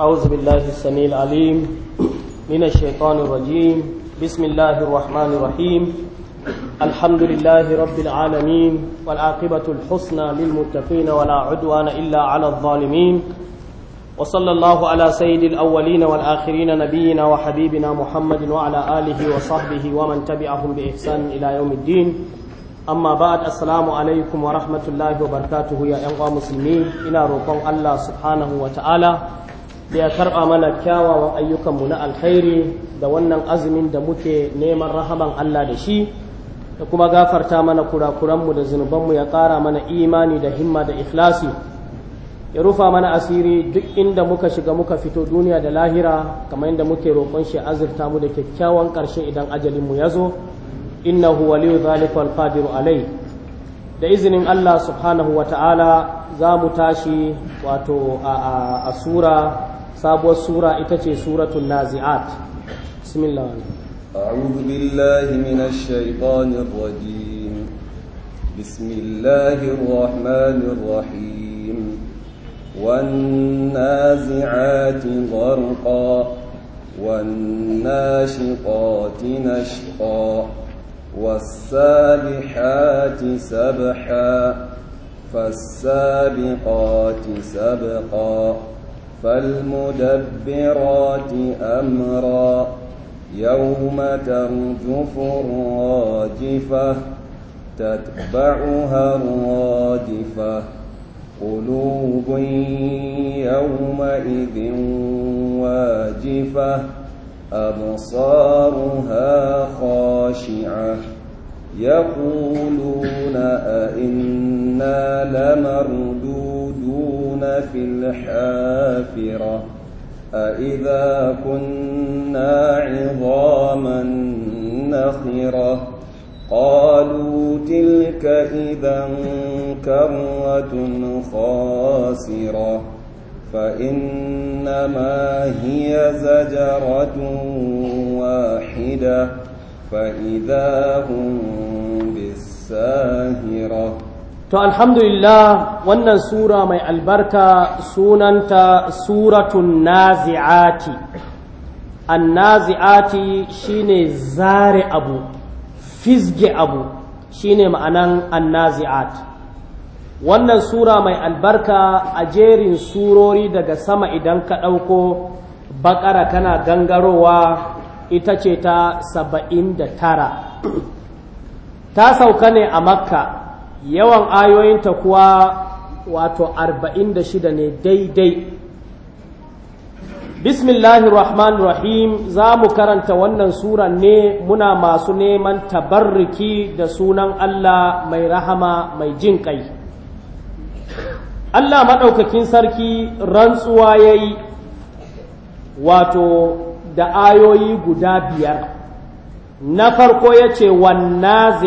أعوذ بالله السميع العليم من الشيطان الرجيم بسم الله الرحمن الرحيم الحمد لله رب العالمين والعاقبة الحسنى للمتقين ولا عدوان إلا على الظالمين وصلى الله على سيد الأولين والآخرين نبينا وحبيبنا محمد وعلى آله وصحبه ومن تبعهم بإحسان إلى يوم الدين أما بعد السلام عليكم ورحمة الله وبركاته يا أيها المسلمين إلى روكم الله سبحانه وتعالى da ya karɓa mana kyawawan ayyukanmu na alkhairi da wannan azumin da muke neman rahaman Allah da shi da kuma gafarta mana kurakuranmu da zunubanmu ya ƙara mana imani da himma da ikhlasi ya rufa mana asiri duk inda muka shiga muka fito duniya da lahira kamar yadda muke roƙon shi azurta mu da kyakkyawan ƙarshe idan ajalinmu ya zo innahu waliyu zalika wal fadiru alai da izinin Allah subhanahu wa ta'ala za mu tashi wato a, sura sabuwar sura ita ce suratul nazi'at bismillah أعوذ بالله من الشيطان الرجيم بسم الله الرحمن الرحيم والنازعات غرقا والناشقات نشقا والسابحات سبحا فالسابقات سبقا فالمدبرات أمرا يوم ترجف الراجفة تتبعها الرادفة قلوب يومئذ واجفة أبصارها خاشعة يقولون أئنا لمردودون في الحافرة أإذا كنا عظاما نخرة قالوا تلك إذا كرة خاسرة فإنما هي زجرة واحدة فإذا هم بالساهرة to alhamdulillah wannan sura mai albarka sunanta suratun nazi'ati An nazi'ati shine zare abu fizge abu shine ma'anan an annazi'at wannan sura mai albarka a jerin surori daga sama idan ka ɗauko bakara kana gangarowa ita ce ta saba'in da tara ta sauka ne a makka yawan ayoyinta kuwa wato arba'in da shida ne daidai bismillahi rahman rahim za mu karanta wannan suran ne muna masu neman tabarriki da sunan allah mai rahama mai jin kai allah maɗaukakin sarki rantsuwa ya yi wato da ayoyi guda biyar na farko ya ce wanna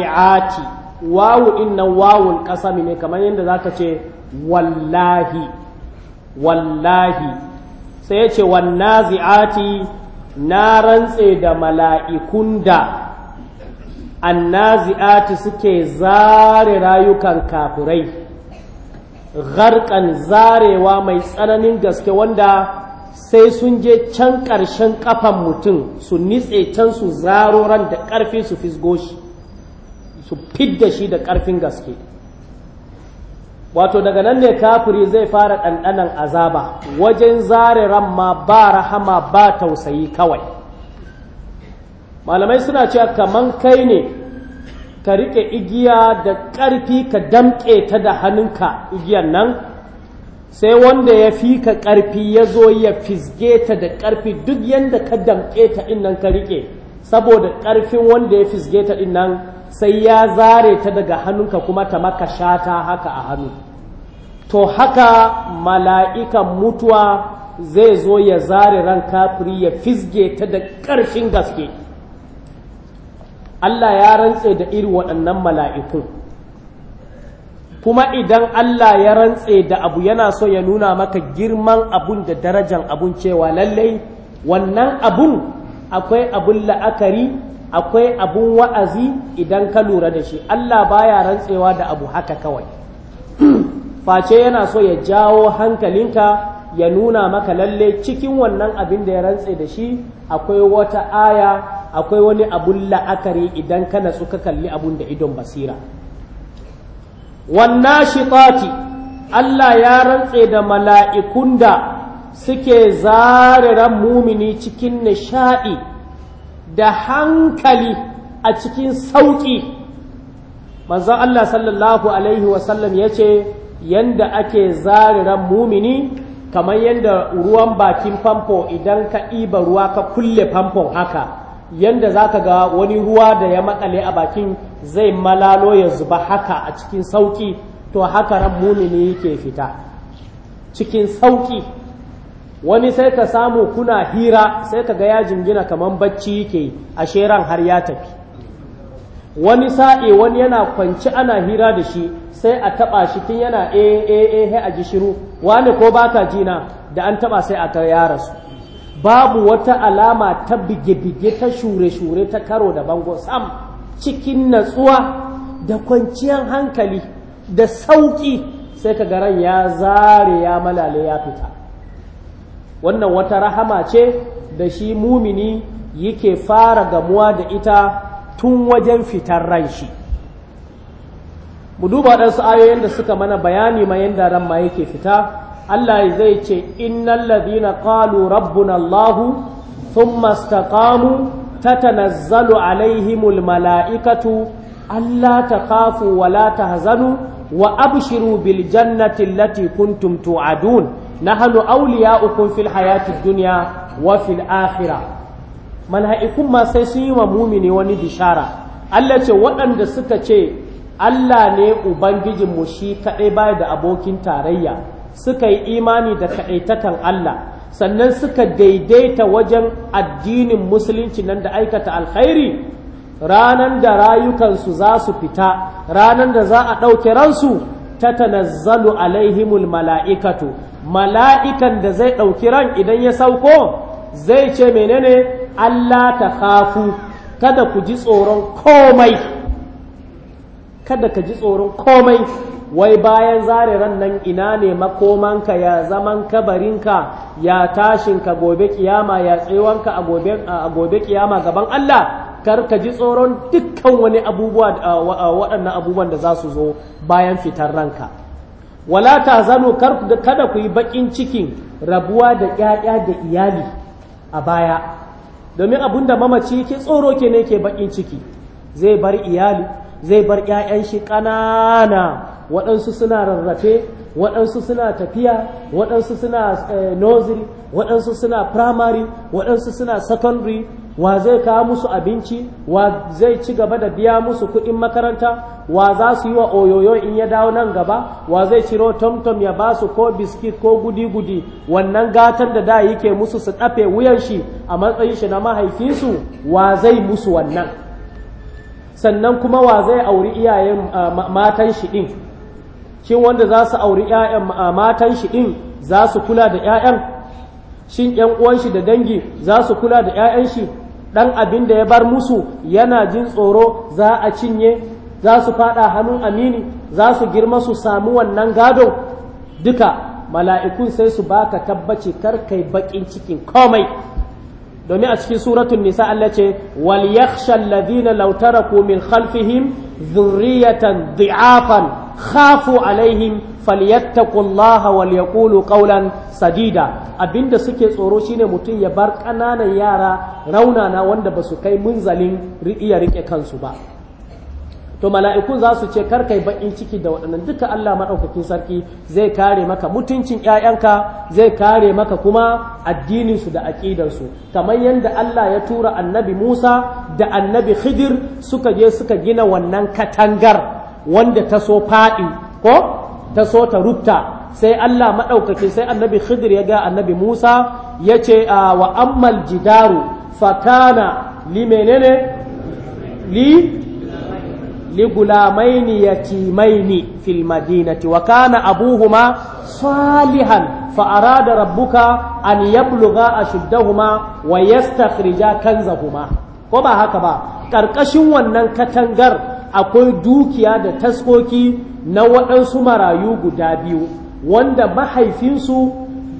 wawu din nan wawul kasami ne kamar yadda za ta ce wallahi wallahi sai ya ce zi'ati na rantse da mala'ikun da annazi'ati suke zare rayukan kafirai garkan zarewa mai tsananin gaske wanda sai sun je can ƙarshen ƙafan mutum su nitse can su zaro ran da ƙarfi su fisgo shi su fidda shi da ƙarfin gaske wato daga nan ne kafiri zai fara ɗanɗanan azaba wajen zare ramma ba rahama ba tausayi kawai malamai suna cewa kaman kai ne ka riƙe igiya da ƙarfi ka damƙe ta da hannunka igiyan nan sai wanda ya fi ka ƙarfi ya zo ya fisge ta da ƙarfi duk yadda ka damƙe ta ɗin nan ka riƙe saboda ƙarfin wanda ya fisge ta ɗin nan sai ya zare ta daga hannunka kuma ta maka shata haka a hannu to haka mala'ikan mutuwa zai zo ya zare ran kafiri ya fisge ta da ƙarfin gaske Allah ya rantse da iri waɗannan mala'ikun kuma idan Allah ya rantse da abu yana so ya nuna maka girman abun da darajan abun cewa lallai wannan abun akwai abun la'akari akwai abun wa'azi idan ka lura da shi Allah baya rantsewa da abu haka kawai face yana so ya jawo hankalinka ya nuna maka lalle cikin wannan abin da ya rantse da shi akwai wata aya akwai wani abun la'akari idan ka natsu ka kalli abun da idon basira wannan shiƙati Allah ya rantse da mala'ikun da suke zare ran mumini cikin nishaɗi da hankali a cikin sauƙi manzon Allah sallallahu alaihi wasallam ya ce yanda ake zariran mumini kamar yanda ruwan bakin famfo idan ka ɗiba ruwa ka kulle famfon haka yanda za ka ga wani ruwa da ya makale a bakin zai malalo ya zuba haka a cikin sauƙi to haka ran mumini yake fita cikin sauƙi wani sai ka samu kuna hira sai ka ga ya jingina kamar bacci yake a sheran har ya tafi wani sa'e wani yana kwanci ana hira da shi sai a taba shi tun yana eh, eh, eh a ji shiru wani ko baka jina da an taba sai aka ya rasu babu wata alama ta bige-bige ta shure-shure ta karo da bango sam cikin natsuwa da kwanciyar hankali da sauki sai ka garan ya zare ya malale ya fita wannan wata rahama ce da shi mumini yake fara gamuwa da ita tun wajen fitar ran shi mu duba ɗansu ayoyin da suka mana bayani ma yadda ran ma yake fita Allah zai ce innal ladina qalu rabbuna Allahu thumma ta tatanazzalu alaihimul mala'ikatu ta kafu wa la tahzanu wa abshiru bil jannati lati kuntum tu'adun nahnu awliya'ukum fil hayatid dunya wa fil akhirah mala'ikun ma sai sun yi wa mumini wani bishara Allah ce waɗanda suka ce Allah ne ubangijin mu shi kaɗai baya da abokin tarayya suka yi imani da kaɗaitakan Allah sannan suka daidaita wajen addinin musulunci nan da aikata alkhairi ranan da rayukansu za su fita ranan da za a ɗauke ransu tatanazzalu alaihimul mala'ikatu mala'ikan da zai ɗauki ran idan ya sauko zai ce menene Allah ta khafu kada ku ji tsoron komai kada ka ji tsoron komai wai bayan zare ran nan ina ne ka ya zaman kabarinka ya tashinka gobe kiyama ya tsewanka a gobe kiyama gaban Allah kar ka ji tsoron dukkan wani abubuwa waɗannan abubuwan da za su zo bayan fitar ranka wala ta zano kada ku yi baƙin cikin rabuwa da ƴaƴa da iyali a baya domin abin da mamaci ke tsoro ke ne ke baƙin ciki zai bar iyali zai bar ƴaƴan shi ƙanana waɗansu suna rarrafe waɗansu suna tafiya waɗansu suna eh, nursery waɗansu suna primary waɗansu suna secondary wa zai kawo musu abinci wa zai ci gaba da biya musu kuɗin makaranta wa za su yi wa oyoyo in ya dawo nan gaba wa zai ciro tomtom ya ba su ko biskit ko gudi-gudi wannan gatan da da yake musu su ɗafe wuyan shi a matsayin shi na mahaifinsu wa zai musu wannan sannan kuma wa zai auri iyayen eh, matan shi ɗin shin wanda za su auri ‘ya'yan matan shi ɗin za su kula da ‘ya'yan shin ‘yan uwan shi da dangi za su kula da ‘ya'yan shi ɗan abin da ya bar musu yana jin tsoro za a cinye za su faɗa hannun amini za su girma su samu wannan gado duka mala'ikun sai su baka tabbaci karkai kai baƙin cikin komai domin a cikin suratun nisa Allah ce wal yakhsha alladhina law taraku min khalfihim dhurriyatan dhi'afan khafu alaihim falyattaqullaha wal yaqulu qawlan sadida abinda suke tsoro shine mutum ya bar kananan yara raunana wanda basu kai munzalin iya rike kansu ba to mala'ikun za su ce karkai baƙin ciki da waɗannan duka Allah maɗaukakin sarki zai kare maka mutuncin ‘ya'yanka zai kare maka kuma addininsu da aƙidarsu kamar yadda Allah ya tura annabi Musa da annabi Khidir suka je suka gina wannan katangar wanda ta so faɗi ko ta so ta rubta sai Allah maɗaukaki sai annabi Khidir ya ga annabi Musa ya ce wa ammal jidaru fakana li menene li li gulamaini yatimaini fil madinati wa kana abuhuma salihan fa arada rabbuka an yablugha ashuddahuma wa yastakhrija kanzahuma ko ba haka ba ƙarƙashin wannan katangar akwai dukiya da taskoki na waɗansu marayu guda biyu wanda mahaifinsu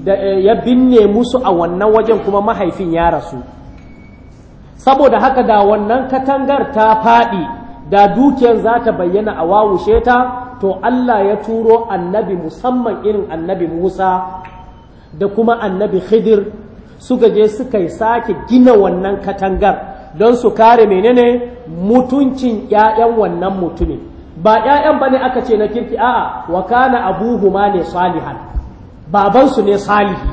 da eh, ya binne musu a wannan wajen kuma mahaifin ya rasu saboda haka da wannan katangar ta faɗi da dukiyar za ta bayyana a wawushe ta to Allah ya turo annabi musamman irin annabi Musa da kuma annabi Khidir suka je suka sake gina wannan katangar don su kare menene mutuncin ‘ya'yan wannan mutumin ba ‘ya'yan ba ne aka ce na kirki a'a wa kana abuhuma ne salihan babansu ne salihi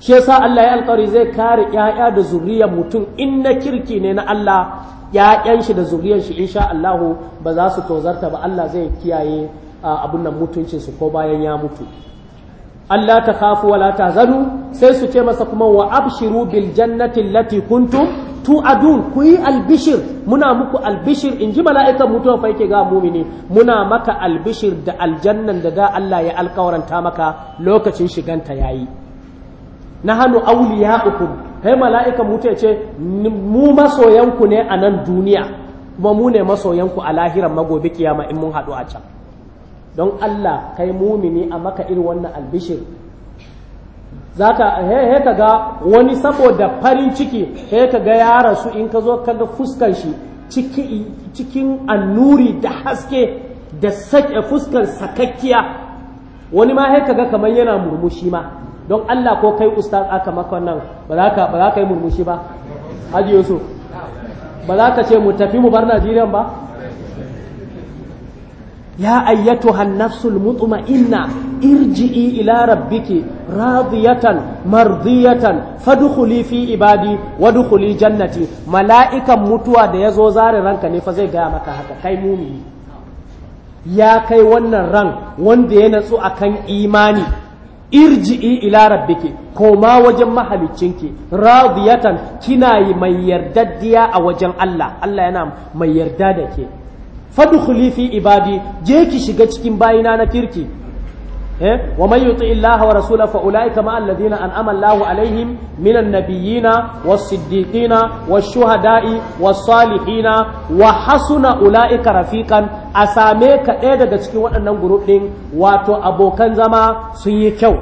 shi yasa Allah ya alƙawari zai kare ‘ya'ya da zuriyar mutum in na kirki ne na Allah ‘ya'yan shi da zuriyar shi insha Allah ba za su tozarta ba Allah zai kiyaye abun nan mutuncinsu ko bayan ya mutu Allah ta khafu wala zanu sai su ce masa kuma wa abshiru bil jannati allati kuntum adun ku yi albishir muna muku albishir in ji mala'ikan mutuwa fa yake ga mumini muna maka albishir da aljannan da da Allah ya alkawaranta maka lokacin shiganta yayi na hannu awliya'ukum kai mala'ikan mutuwa ce mu masoyanku ne a nan duniya kuma mu ne masoyanku a lahiran magobi kiyama in mun haɗu a can don Allah kai mumini a maka irin wannan albishir Za ka ka ga wani saboda farin ciki he ga ya su in ka zo ka ga fuskar shi cikin annuri da haske da eh, fuskar sakakkiya wani ma he ga kamar yana murmushi ma don Allah ko kai ustaz aka maka wannan ba za ka yi murmushi ba Haji Yusuf ba za ka ce mu tafi mu bar Najeriya ba ya ayyatuha nafsul mutma'inna irji'i ila rabbiki radiyatan mardiyatan fadkhuli fi ibadi wadkhuli jannati mala'ikan mutuwa da yazo zare ranka ne fa zai ga maka haka kai mumini ya kai wannan ran wanda ya natsu akan imani irji'i ila rabbiki koma wajen mahalicinki radiyatan kina yi mai yardaddiya a wajen Allah Allah yana mai yarda da ke fadkhuli fi ibadi je ki shiga cikin bayina na kirki eh? wa man yuti illaha wa rasula fa ulaika ma alladhina an'ama Allahu alaihim minan nabiyyina was-siddiqina wash-shuhada'i was-salihina wa hasuna ulaika rafiqan a same ka ɗaya daga cikin waɗannan group wato abokan zama sun yi kyau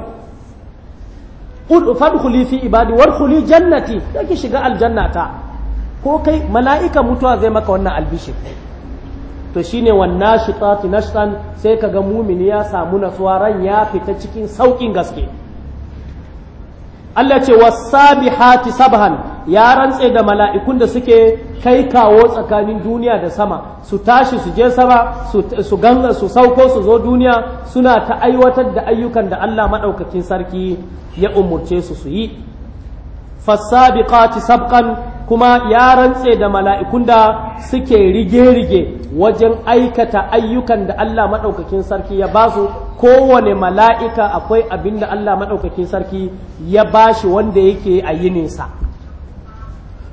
fadkhuli fi ibadi warkhuli jannati ki shiga aljannata ko kai mala'ika mutuwa zai maka wannan albishir to shine wannan shitati nashtan sai kaga mumini ya samu natsuwa ran ya fita cikin saukin gaske Allah ce wasabihati sabhan ya rantse da mala'ikun da suke kai kawo tsakanin duniya da sama su tashi su je sama su ganga su sauko su zo duniya suna ta aiwatar da ayyukan da Allah maɗaukakin sarki ya umurce su su yi fasabiqati sabqan kuma ya rantse da mala'ikun da suke rige-rige wajen aikata ayyukan da Allah maɗaukakin sarki ya ba su kowane mala'ika akwai abin da Allah maɗaukakin sarki ya ba shi wanda yake a yi nisa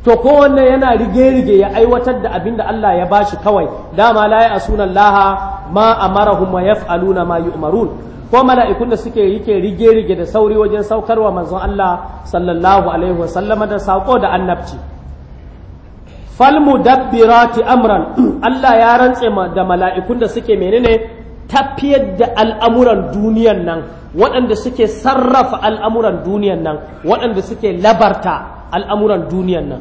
to kowanne yana rige-rige ya aiwatar da abin da Allah ya ba shi kawai dama la a sunan laha ma amarahum ma yaf'aluna ma yi umarun. ko mala'ikun da suke yake rige-rige da sauri wajen saukarwa manzon Allah sallallahu Alaihi wasallama da saƙo da annabci. Falmu ti amran Allah ya rantse da mala'ikun da suke menene tafiyar da al'amuran duniyan nan waɗanda suke sarrafa al'amuran duniyan nan waɗanda suke labarta al'amuran duniyan nan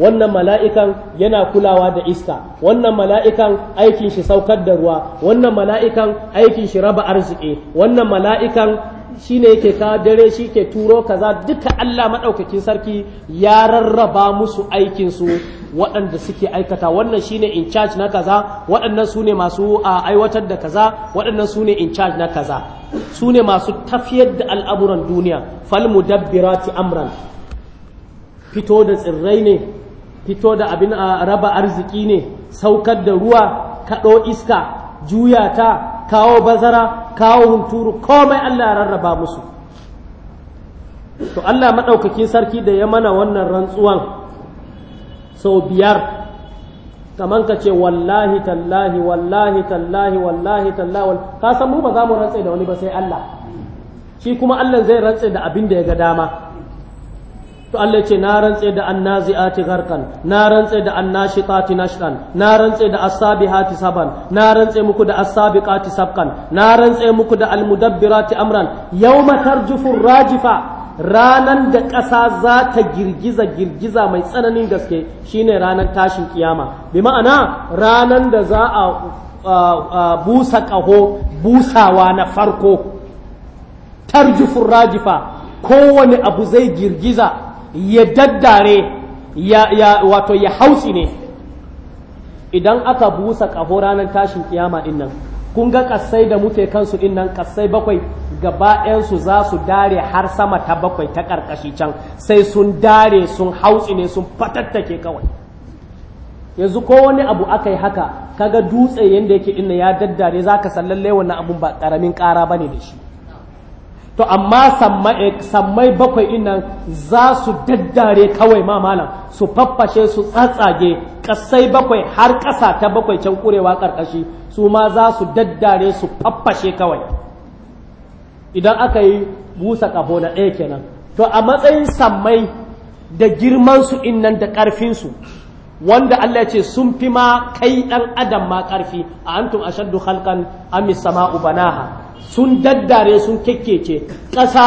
wannan mala'ikan yana kulawa da iska wannan mala'ikan aikin shi saukar da ruwa wannan mala'ikan aikin shi raba arziki wannan mala'ikan shine yake kawo dare shi ke turo kaza duka Allah maɗaukakin sarki ya rarraba musu aikinsu waɗanda suke aikata wannan shine in charge na kaza waɗannan su ne masu aiwatar da kaza waɗannan su ne in charge na kaza su ne masu tafiyar da al'amuran duniya fal mudabbirati amran fito da tsirrai ne fito da abin raba arziki ne saukar da ruwa kaɗo iska juya ta kawo bazara kawo hunturu komai Allah ya rarraba musu to Allah maɗaukakin sarki da ya mana wannan rantsuwan sau biyar kamar ka ce wallahi tallahi wallahi tallahi wallahi tallahi ka san mu ba za mu rantse da wani ba sai Allah shi kuma Allah zai rantse da abin da ya ga dama to Allah ce na rantse da annazi'ati garkan na rantse da annashitati nashkan na rantse da asabihati saban na rantse muku da asabiqati sabkan na rantse muku da almudabbirati amran yawma tarjufur rajifa ranan da ƙasa za ta girgiza girgiza mai tsananin gaske shine ranan tashin kiyama bi ma'ana ranan da za a busa ƙaho busawa na farko tarjufur rajifa kowane abu zai girgiza ya daddare wato ya hausi ne idan aka busa ƙaho ranar tashin kiyama din nan kun ga ƙasai da muke kansu din nan ƙasai bakwai gaba bayansu za su dare har sama ta bakwai ta ƙarƙashi can sai sun dare sun hausi ne sun fatattake kawai yanzu ko wani abu aka yi haka kaga dutse yadda yake inna ya daddare za ka sallalle wannan abun ba ƙaramin ƙara bane da shi to amma sammai eh, bakwai inan za su daddare kawai ma malam su faffashe su tsatsage kasai bakwai har ƙasa ta bakwai can kurewa ƙarƙashi su ma za su daddare su faffashe kawai idan aka yi busa ƙaho na ɗaya kenan to a matsayin sammai da girmansu innan da ƙarfinsu wanda Allah ya ce sun fi ma kai ɗan adam ma ƙarfi a antum ashaddu khalqan amis sama'u banaha sun daddare sun kekkece ƙasa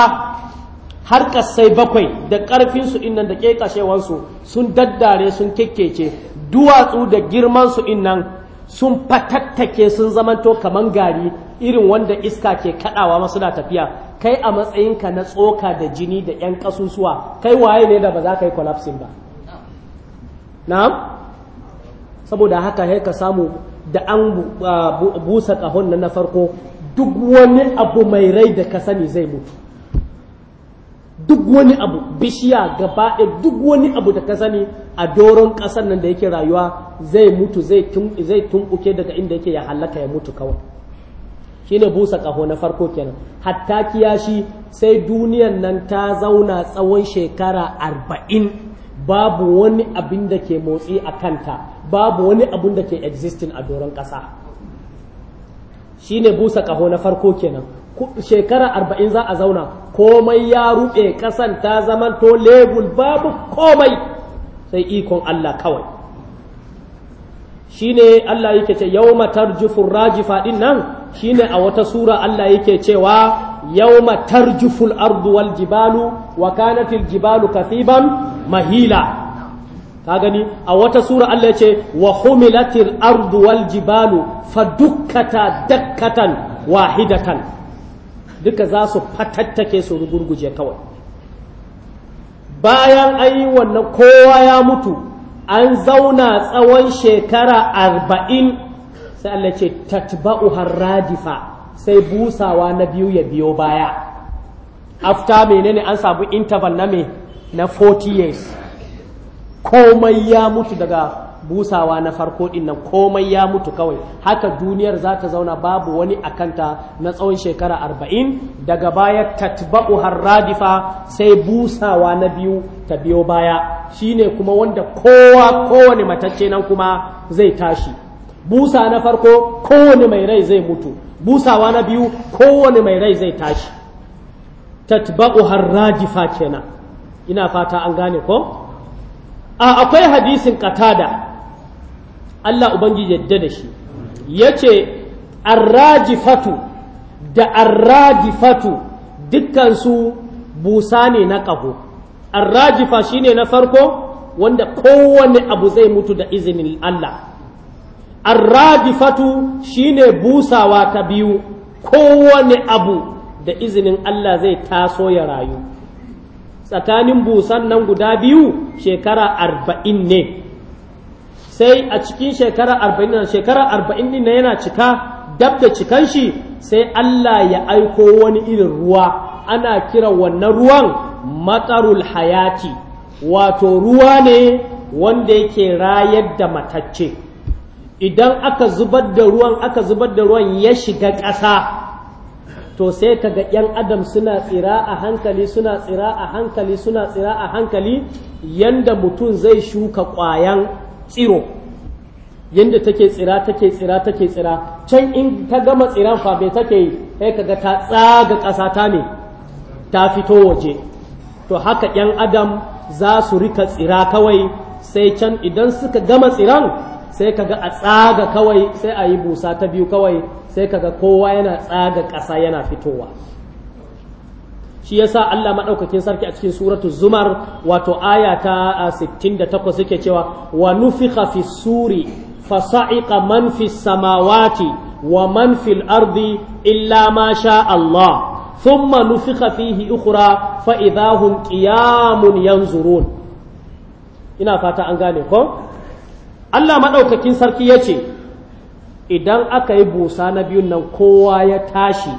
har ƙasai bakwai da ƙarfinsu innan da ƙeƙashewansu sun daddare sun kekkece duwatsu da girmansu innan sun fatattake sun zamanto kaman gari irin wanda iska ke kaɗawa masu na tafiya kai a matsayinka na tsoka da jini da 'yan ƙasusuwa kai waye ne da ba za ka yi collapsing ba na'am saboda haka ya ka samu da an busa kahon na farko duk wani abu mai rai da ka sani zai mutu duk wani abu bishiya gaba duk wani abu da ka sani a doron ƙasar nan da yake rayuwa zai mutu zai tumɓuke daga inda yake ya hallaka ya mutu kawai shine busa ƙaho na farko kenan hatta kiyashi sai duniyan nan ta zauna tsawon shekara arba'in babu wani abin da ke motsi a kanta babu wani abin da ke existing a doron ƙasa shi ne busa kaho na farko kenan shekara arba'in za a zauna komai ya ruɓe ƙasan ta zaman to lebul babu komai sai ikon Allah kawai shi ne Allah yake ce yau matar jufin rajifa ɗin nan shi ne a wata sura Allah yake cewa yau matar jufin arduwal jibalu wa kanatil jibalu kasiban mahila ka gani a wata sura Allah ya ce wa humilatil ardu wal jibalu fadukkata dakkatan wahidatan duka za su fatattake su rugurguje kawai bayan ayi yi wannan kowa ya mutu an zauna tsawon shekara arba'in sai Allah ce tatba'u harradifa sai busawa na biyu ya biyo baya afta menene an samu interval na me na 40 years komai ya mutu daga busawa na farko din komai ya mutu kawai haka duniyar za ta zauna babu wani akanta na tsawon shekara arba'in daga baya tatba'u harradifa sai busawa na biyu ta biyo baya shine kuma wanda kowa kowane matacce nan kuma zai tashi busa na farko kowane mai rai zai mutu busawa na biyu kowane mai rai zai tashi tatba'u harradifa kenan ina fata an gane ko a akwai hadisin katada Allah ubangiji yadda da shi yace arrajifatu da arrajifatu dukkansu busa ne na ƙaho arrajifa shine na farko wanda kowane abu zai mutu da izinin Allah arrajifatu shine busawa ta biyu kowane abu da izinin Allah zai taso ya rayu tsakanin busan nan guda biyu shekara arba'in ne sai a cikin shekara arba'in nan shekara arba'in ne yana cika dab da cikan shi sai Allah ya aiko wani irin ruwa ana kira wannan ruwan matsarul hayati wato ruwa ne wanda yake rayar da matacce idan aka zubar da ruwan aka zubar da ruwan ya shiga ƙasa to sai ka ga ‘yan adam suna tsira a hankali suna tsira a hankali suna tsira a hankali yanda mutum zai shuka ƙwayan tsiro yanda take tsira take tsira take tsira can in ta gama tsiran fabe bai take yi sai ka ga ta tsaga ƙasa ta ne ta fito waje to haka ‘yan adam za su rika tsira kawai sai can idan suka gama tsiran sai kaga a tsaga kawai sai a yi busa ta biyu kawai sai kaga kowa yana tsaga ƙasa yana fitowa shi yasa Allah madaukakin sarki a cikin suratu zumar wato aya ta 68 suke cewa wa nufikha fi suri fasa'iqa man fi samawati wa man fil ardi illa ma sha Allah thumma nufikha fihi ukhra fa idahum qiyamun yanzurun ina fata an gane ko Allah maɗaukakin sarki ya ce idan aka yi busa na biyun nan kowa ya tashi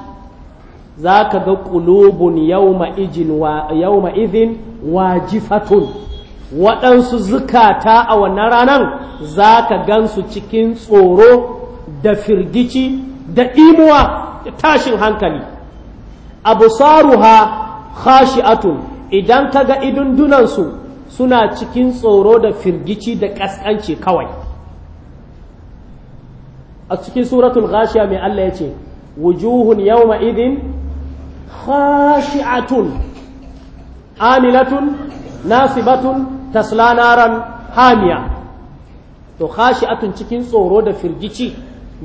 za ka ga ƙulubun yauma izin wajifatun waɗansu zukata a wannan ranar za ka gansu cikin tsoro da firgici da imuwa tashin hankali abu saruha atun idan ka ga idundunansu suna cikin tsoro da firgici da ƙasƙanci kawai a cikin suratul ghashiya mai Allah ya ce wujuhun yawma idin khashi'atun amilatun nasibatun taslanaran naran hamiya to khashi'atun cikin tsoro da firgici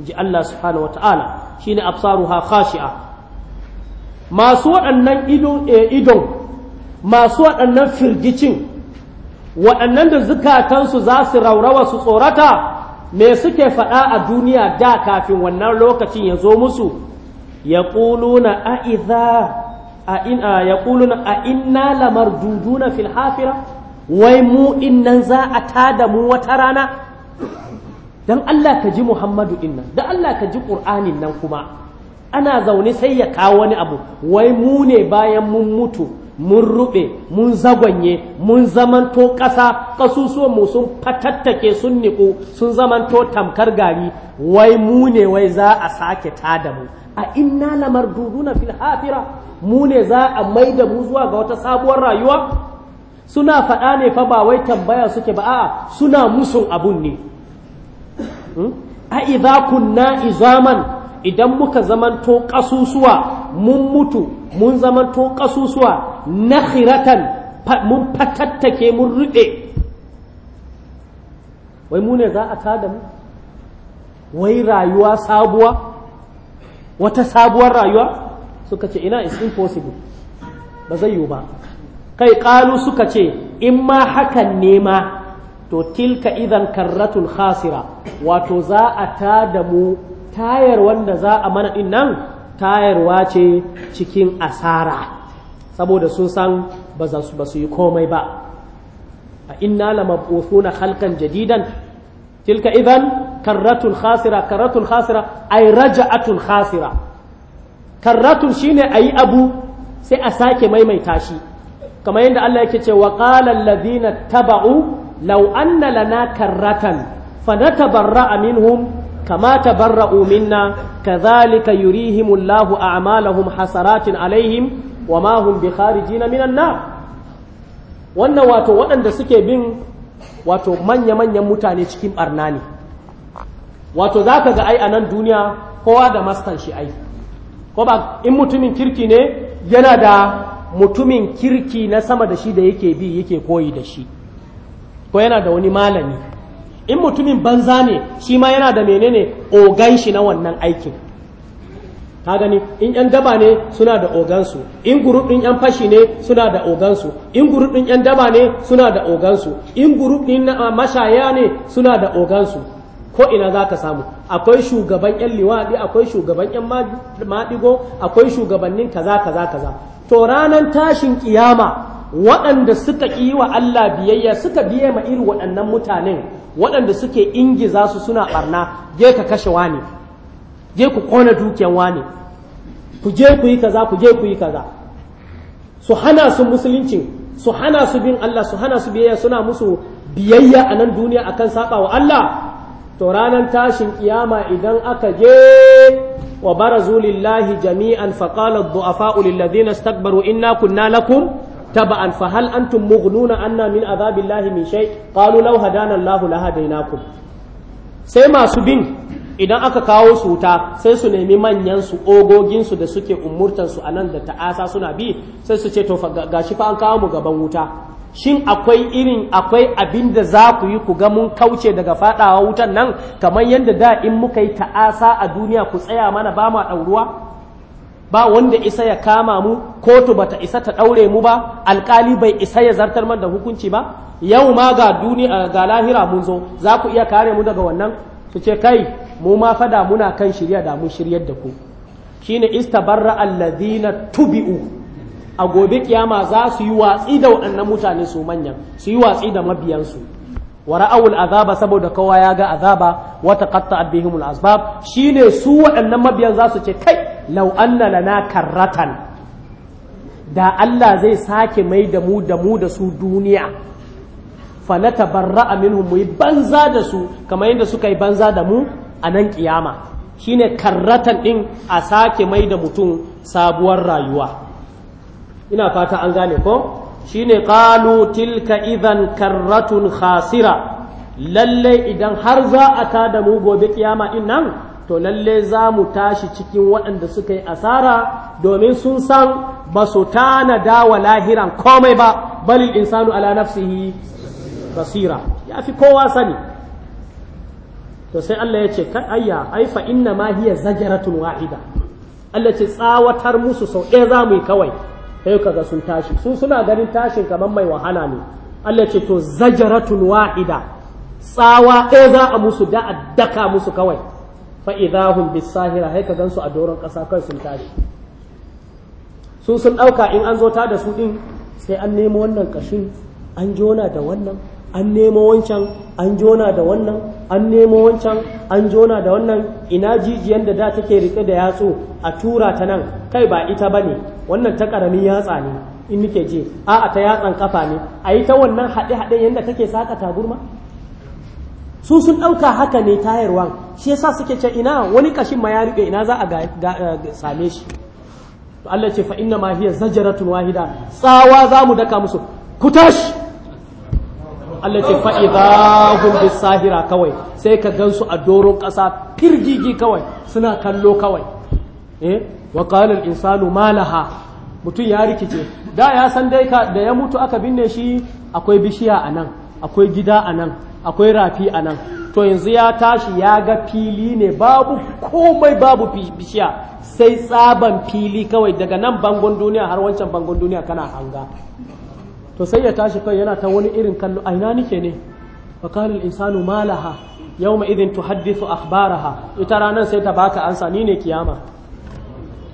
ji Allah subhanahu wata'ala shine absaruha khashi'a masu waɗannan eh, idon masu waɗannan firgicin waɗannan da zukatansu za su raurawa su tsorata me suke faɗa a duniya da kafin wannan lokacin ya zo musu ya ƙuluna a iza ya ƙuluna a inna lamar duduna fil hafira wai mu innan za a tada mu wata rana don Allah ka ji Muhammadu innan don Allah ka ji ƙur'anin nan kuma ana zaune sai ya kawo wani abu wai mu ne bayan mun mutu mun ruɓe mun zagonye mun zamanto ƙasa ƙasusuwanmu sun fatattake sun niku sun zamanto tamkar gari wai mune wai za a sake ta mu a inna lamar duduna fil hafira mu za a mai da mu zuwa ga wata sabuwar rayuwa suna faɗa ne fa ba wai tambaya suke ba a'a suna musun abun ne hmm? a idza kunna izaman idan muka zamanto ƙasusuwa mun mutu mun zamanto ƙasusuwa na khiratan mun fatattake mun ruɗe wai mune za a tada mu wai rayuwa sabuwa wata sabuwar rayuwa suka ce ina is impossible ba zai yiwu ba kai ƙalu suka ce in ma hakan nema to tilka idan karratun khasira wato za a tada mu tayar wanda za a mana din nan tayarwa ce cikin asara saboda sun san ba za su ba su yi komai ba a inna na halkan jadidan tilka idan karratul khasira karratul khasira ay raja'atul khasira karratul shine ayi abu sai a sake maimaita shi kamar yadda Allah yake ce wa qala alladhina taba'u law anna lana karratan fanatabarra'a minhum كما تبرأوا منا كذلك يريهم hasaratin أعمالهم wa عليهم وما هم na minan na. wannan wato waɗanda suke bin wato manya-manyan mutane cikin ɓarna ne wato za ka ga ai a nan duniya kowa da mastan shi ai ko ba in mutumin kirki ne yana da mutumin kirki na sama da shi da yake bi yake koyi da shi ko yana da wani malami in mutumin banza ne shi ma yana da menene ogan shi na wannan aikin ka gani in yan daba ne suna da ogansu in gurubin yan fashi ne suna da ogansu in gurubin yan daba ne suna da ogansu in gurubin ah, mashaya ne suna da ogansu ko ina za ka samu akwai shugaban yan liwaɗi akwai shugaban yan maɗigo akwai shugabannin kaza kaza kaza to ranar tashin kiyama waɗanda suka ƙi wa Allah biyayya suka biye ma irin waɗannan mutanen waɗanda suke ingiza su suna ɓarna je ka kashe wani je ku ƙona dukiyan wani ku je ku yi kaza ku je ku yi kaza su hana su musuluncin su hana su bin Allah su hana su biyayya suna musu biyayya a nan duniya akan saba wa Allah to ranar tashin kiyama idan aka je wa barazu lillahi jami'an faqala ad-du'afa lil ladina istakbaru inna kunna lakum taba'an fa hal antum mughnuna anna min azabillahi min shay qalu law hadana Allahu lahadainakum sai masu bin idan aka kawo su wuta sai su nemi manyan su ogogin su da suke umurtan su anan da ta'asa suna bi sai su ce to gashi fa an kawo mu gaban wuta shin akwai irin akwai abin da za ku yi ku ga mun kauce daga fadawa wutan nan kamar yadda da in muka yi ta'asa a duniya ku tsaya mana ba a ɗauruwa ba wanda isa ya kama mu kotu bata isa ta daure mu ba alkali bai isa ya zartar man da hukunci ba yau ma ga duniya ah, ga lahira mun zo za ku iya kare mu daga wannan su ce kai mu ma fada muna kan shirya da mun shirya da ku shine istabarra alladhina tubi'u a gobe kiyama za su yi watsi da waɗannan mutane su manyan su yi watsi da mabiyansu wa ra'awul azaba saboda kowa ya ga azaba wa taqatta'at bihimul asbab shine su waɗannan mabiyan za su ce kai lau anna lana karratan da Allah zai sake mai da mu da mu da su duniya fanata barra aminu mu yi banza da su kamar yadda suka yi banza da mu a nan kiyama shine karratan ɗin a sake mai da mutum sabuwar rayuwa ina fata an gane ko shine qalu tilka idan karratun khasira lalle idan har za a ta da mu gobe kiyama din nan to lalle za mu tashi cikin waɗanda suka yi asara domin sun san ba su tanada wa lahiran komai ba in insanu ala nafsihi basira ya fi kowa sani to sai Allah ya ce kan ayya ai fa inna ma hiya zajaratun wahida Allah ce tsawatar musu sau ɗaya za mu yi kawai sai kaga sun tashi su suna ganin tashin kamar mai wahala ne Allah ce to zajaratun wahida tsawa ɗaya za a musu da daka musu kawai fa idahum bisahira hay ka gansu a doron kasa kai sun tashi su sun ɗauka in an zo ta da su ɗin sai an nemo wannan kashin an jona da wannan an nemo wancan an jona da wannan an nemo wancan an jona da wannan ina jijiyan da da take rike da yatsu a tura ta nan kai ba ita ba ne wannan ta karamin yatsa ne in nike je a'a ta yatsan kafa ne a yi ta wannan haɗe haɗen yadda take saka tagurma su sun ɗauka haka ne tayarwan shi yasa suke ce ina wani kashin ma ya riƙe ina za a same shi to Allah ce fa inna ma hiya wahida tsawa za mu daka musu ku tashi Allah ce fa idahum bisahira kawai sai ka gansu a doron ƙasa firgigi kawai suna kallo kawai eh wa qala al insanu malaha mutum ya rikice da ya san dai ka da ya mutu aka binne shi akwai bishiya anan akwai gida a nan akwai rafi a nan to yanzu ya tashi ya ga fili ne babu komai babu bishiya sai tsaban fili kawai daga nan bangon duniya har wancan bangon duniya kana hanga to sai ya tashi kai yana ta wani irin kallo aina nike ne fakalul insanu malaha Yau yawma idin haddisu akhbaraha ita ranar sai ta baka ansa ni ne kiyama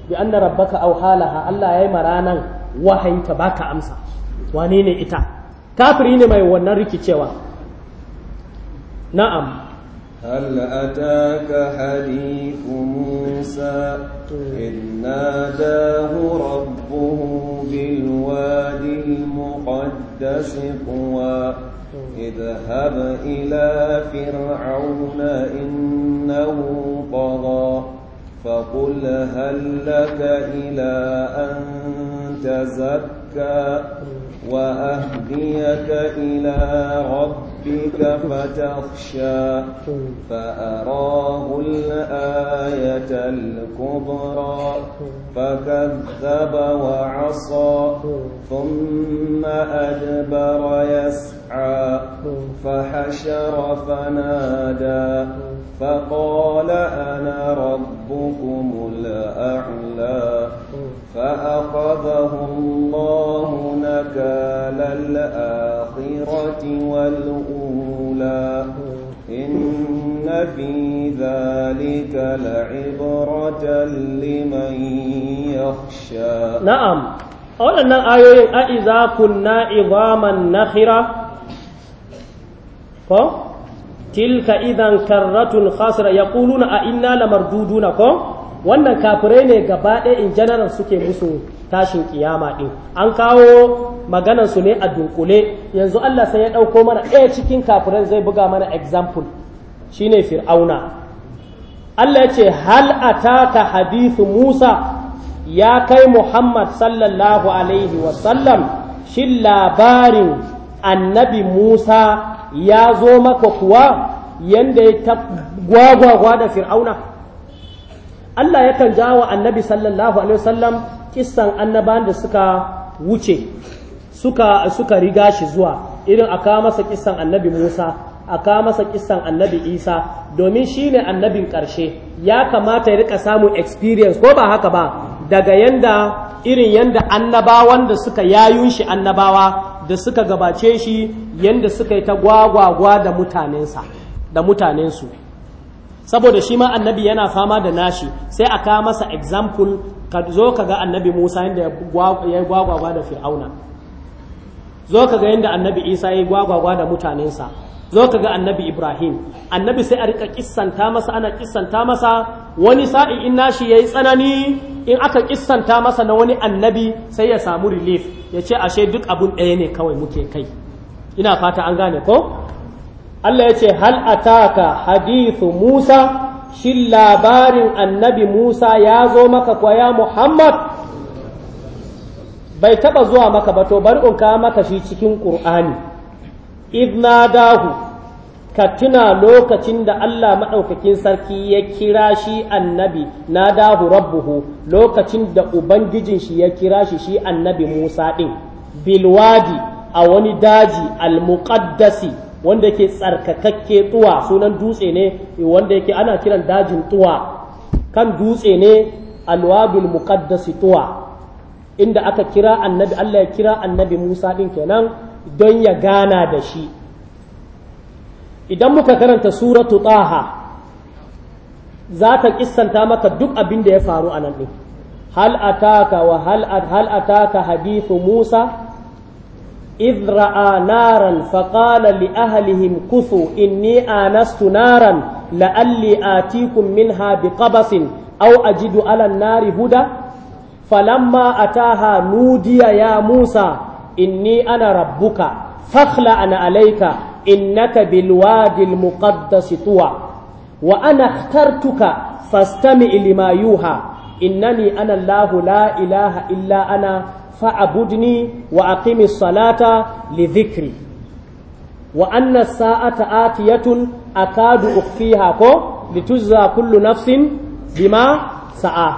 bi anna rabbaka aw halaha Allah yayi maranan wahayi ta baka amsa wane ne ita kafiri ne mai wannan rikicewa نعم هل أتاك حديث موسى إذ ناداه ربه بالوادي المقدس طوى اذهب إلى فرعون إنه طغى فقل هل لك إلى أن تزكى وأهديك إلى ربك فتخشى فأراه الآية الكبرى فكذب وعصى ثم أدبر يسعى فحشر فنادى فقال أنا ربكم الأعلى فأخذه الله نكال الآخرة والأولى إن في ذلك لعبرة لمن يخشى نعم أولا الآية أئذا كنا عظاما نخرة تلك إذا كرة خاسرة يقولون أئنا لمردودون كو wannan kafirai ne gaba ɗaya in general suke musu tashin kiyama ɗin an kawo maganansu ne a dunkule yanzu Allah sai ya ɗauko mana ɗaya cikin kafirai zai buga mana example shine fir'auna Allah ya ce hal ataka hadithu Musa ya kai Muhammad sallallahu alaihi wasallam shi labarin annabi Musa ya zo maka kuwa yanda ya gwagwagwa da fir'auna Allah ya yakan jawo annabi sallallahu alaihi wasallam kissan annaban da suka wuce suka suka riga shi zuwa irin aka masa kissan annabi Musa aka masa kissan annabi Isa domin shi ne annabin ƙarshe, ya kamata ya rika samun experience ko ba haka ba daga yanda irin yanda annabawan da suka yayun shi annabawa da suka gabace shi yanda suka yi ta gwagwagwa da mutanensa da mutanensu saboda shi ma annabi yana fama da nashi sai a kawo masa example ka zo ka ga annabi musa yadda ya gwagwagwa da fir'auna zo ka ga yadda annabi isa ya gwagwagwa da mutanensa zo ka ga annabi ibrahim annabi sai a rika kissanta masa ana kissanta masa wani sa'i in nashi ya tsanani in aka kissanta masa na wani annabi sai ya samu relief ya ce ashe duk abun ɗaya ne kawai muke kai ina fata an gane ko Allah ya ce hal taka hadithu Musa shin labarin annabi Musa ya zo maka kwa Muhammad bai taɓa zuwa maka ba to bari in kawo maka shi cikin Qur'ani dahu ka tuna lokacin da Allah maɗaukakin sarki ya kira shi annabi na dahu rabbuhu lokacin da ubangijin shi ya kira shi shi annabi Musa ɗin bilwadi a wani daji al-muqaddasi wanda yake tsarkakakke tuwa sunan dutse ne wanda yake ana kiran dajin tuwa kan dutse ne alwabil muqaddasi tuwa inda aka kira annabi Allah ya kira annabi Musa din kenan don ya gana da shi idan muka karanta suratu taha za ta kissanta maka duk abin da ya faru a nan din hal ataka wa ataka hadithu Musa إذ رأى نارا فقال لأهلهم كثوا إني آنست نارا لألي آتيكم منها بقبس أو أجد على النار هدى فلما أتاها نودي يا موسى إني أنا ربك فاخلع عليك إنك بالوادي المقدس طوى وأنا اخترتك فاستمع لما يوحى إنني أنا الله لا إله إلا أنا fa'abudni wa aqimi salata li dhikri wa anna sa'ata atiyatun akadu ukfiha ko lituzza kullu nafsin bima sa'a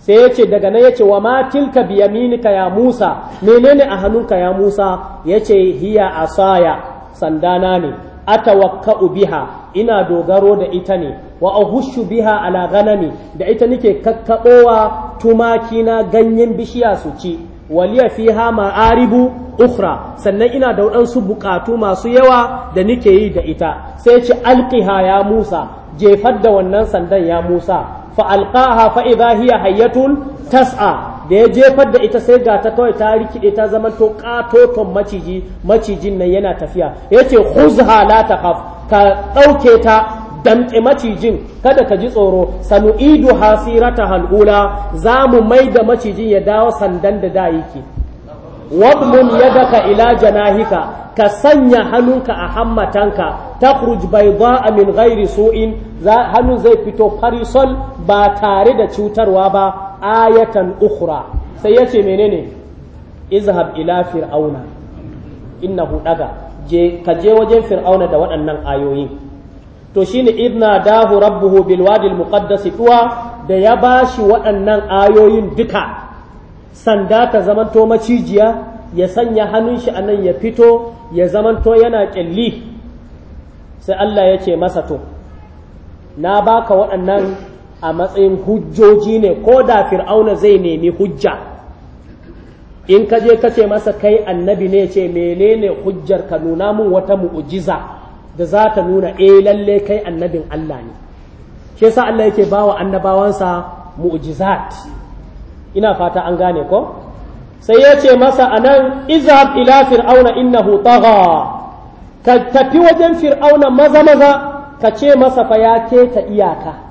sai yace daga nan yace wa ma tilka bi yaminika ya Musa menene a hannunka ya Musa yace hiya asaya sandana ne atawakka'u biha ina dogaro da ita ne wa ahushu biha ala ganami da ita nike kakkabowa tumaki na ganyen bishiya su ci waliya fiha ma'aribu ukhra sannan ina da waɗansu bukatu masu yawa da nike yi da ita sai ci alqiha ya Musa jefar da wannan sandan ya Musa fa alqaha fa idha hiya hayatun tas'a da ya jefar da ita sai ga ta kawai ta rikide ta zama katoton maciji macijin nan yana tafiya yace khuzha la taqaf ka dauke ta damƙe macijin kada ka ji tsoro sanu'idu hasirata hal'ula za mu mai da macijin ya dawo sandan da da yake wadmun yadaka ila janahika ka sanya hannunka a hammatanka takhruj bayda'a min ghairi su'in hannun zai fito farisol ba tare da cutarwa ba ayatan ukhra sai yace menene izhab ila fir'auna innahu daga je ka je wajen fir'auna da waɗannan ayoyi to shine idna dahu rabbuhu bil wadi al muqaddas duwa da ya bashi waɗannan ayoyin duka sanda ta zamanto macijiya ya sanya hannun shi anan ya fito ya zamanto yana kyalli sai Allah ya ce masa to na baka waɗannan a matsayin hujjoji ne ko da fir'auna zai nemi hujja in ka je kace masa kai annabi ne ce menene hujjar ka nuna mun wata mu'jiza da za ta nuna eh lalle kai annabin Allah ne shi yasa Allah yake bawa annabawansa mu'jizat ina fata an gane ko sai ya ce masa anan izhab ila fir'auna innahu tagha ka tafi wajen fir'auna maza maza ka ce masa fa ya keta iyaka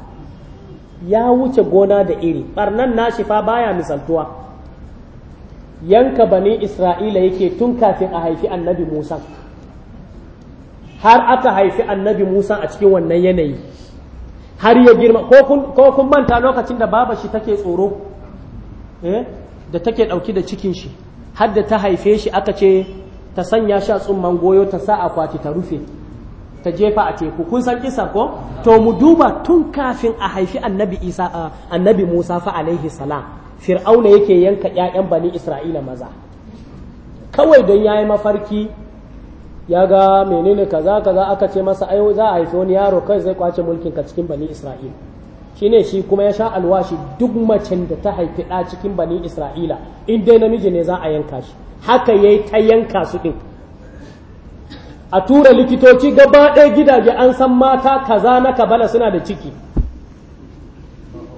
ya wuce gona da iri barnan nashi fa baya misaltuwa yanka bani isra'ila yake tun kafin a haifi annabi musa har aka haifi annabi musa a cikin wannan yanayi har ya girma ko kun manta lokacin da baba shi take tsoro eh? da take ɗauki da cikin shi har ta haife shi aka ce ta sanya sha tsumman goyo ta sa akwati ta rufe ta jefa a teku kun san kisan ko to mu duba tun kafin a haifi annabi isa annabi musa fa alaihi salam fir'auna yake yanka ƴaƴan bani isra'ila maza kawai don yayi mafarki ya ga menene kaza kaza aka ce masa ai za a haifi wani yaro kai zai kwace mulkin ka cikin bani isra'ila shine shi kuma ya sha alwashi duk macen da ta haifi ɗa cikin bani isra'ila in dai namiji ne za a yanka shi haka yayi ta yanka su din a tura likitoci gaba ɗaya gidaje an san mata kaza na kabala suna da ciki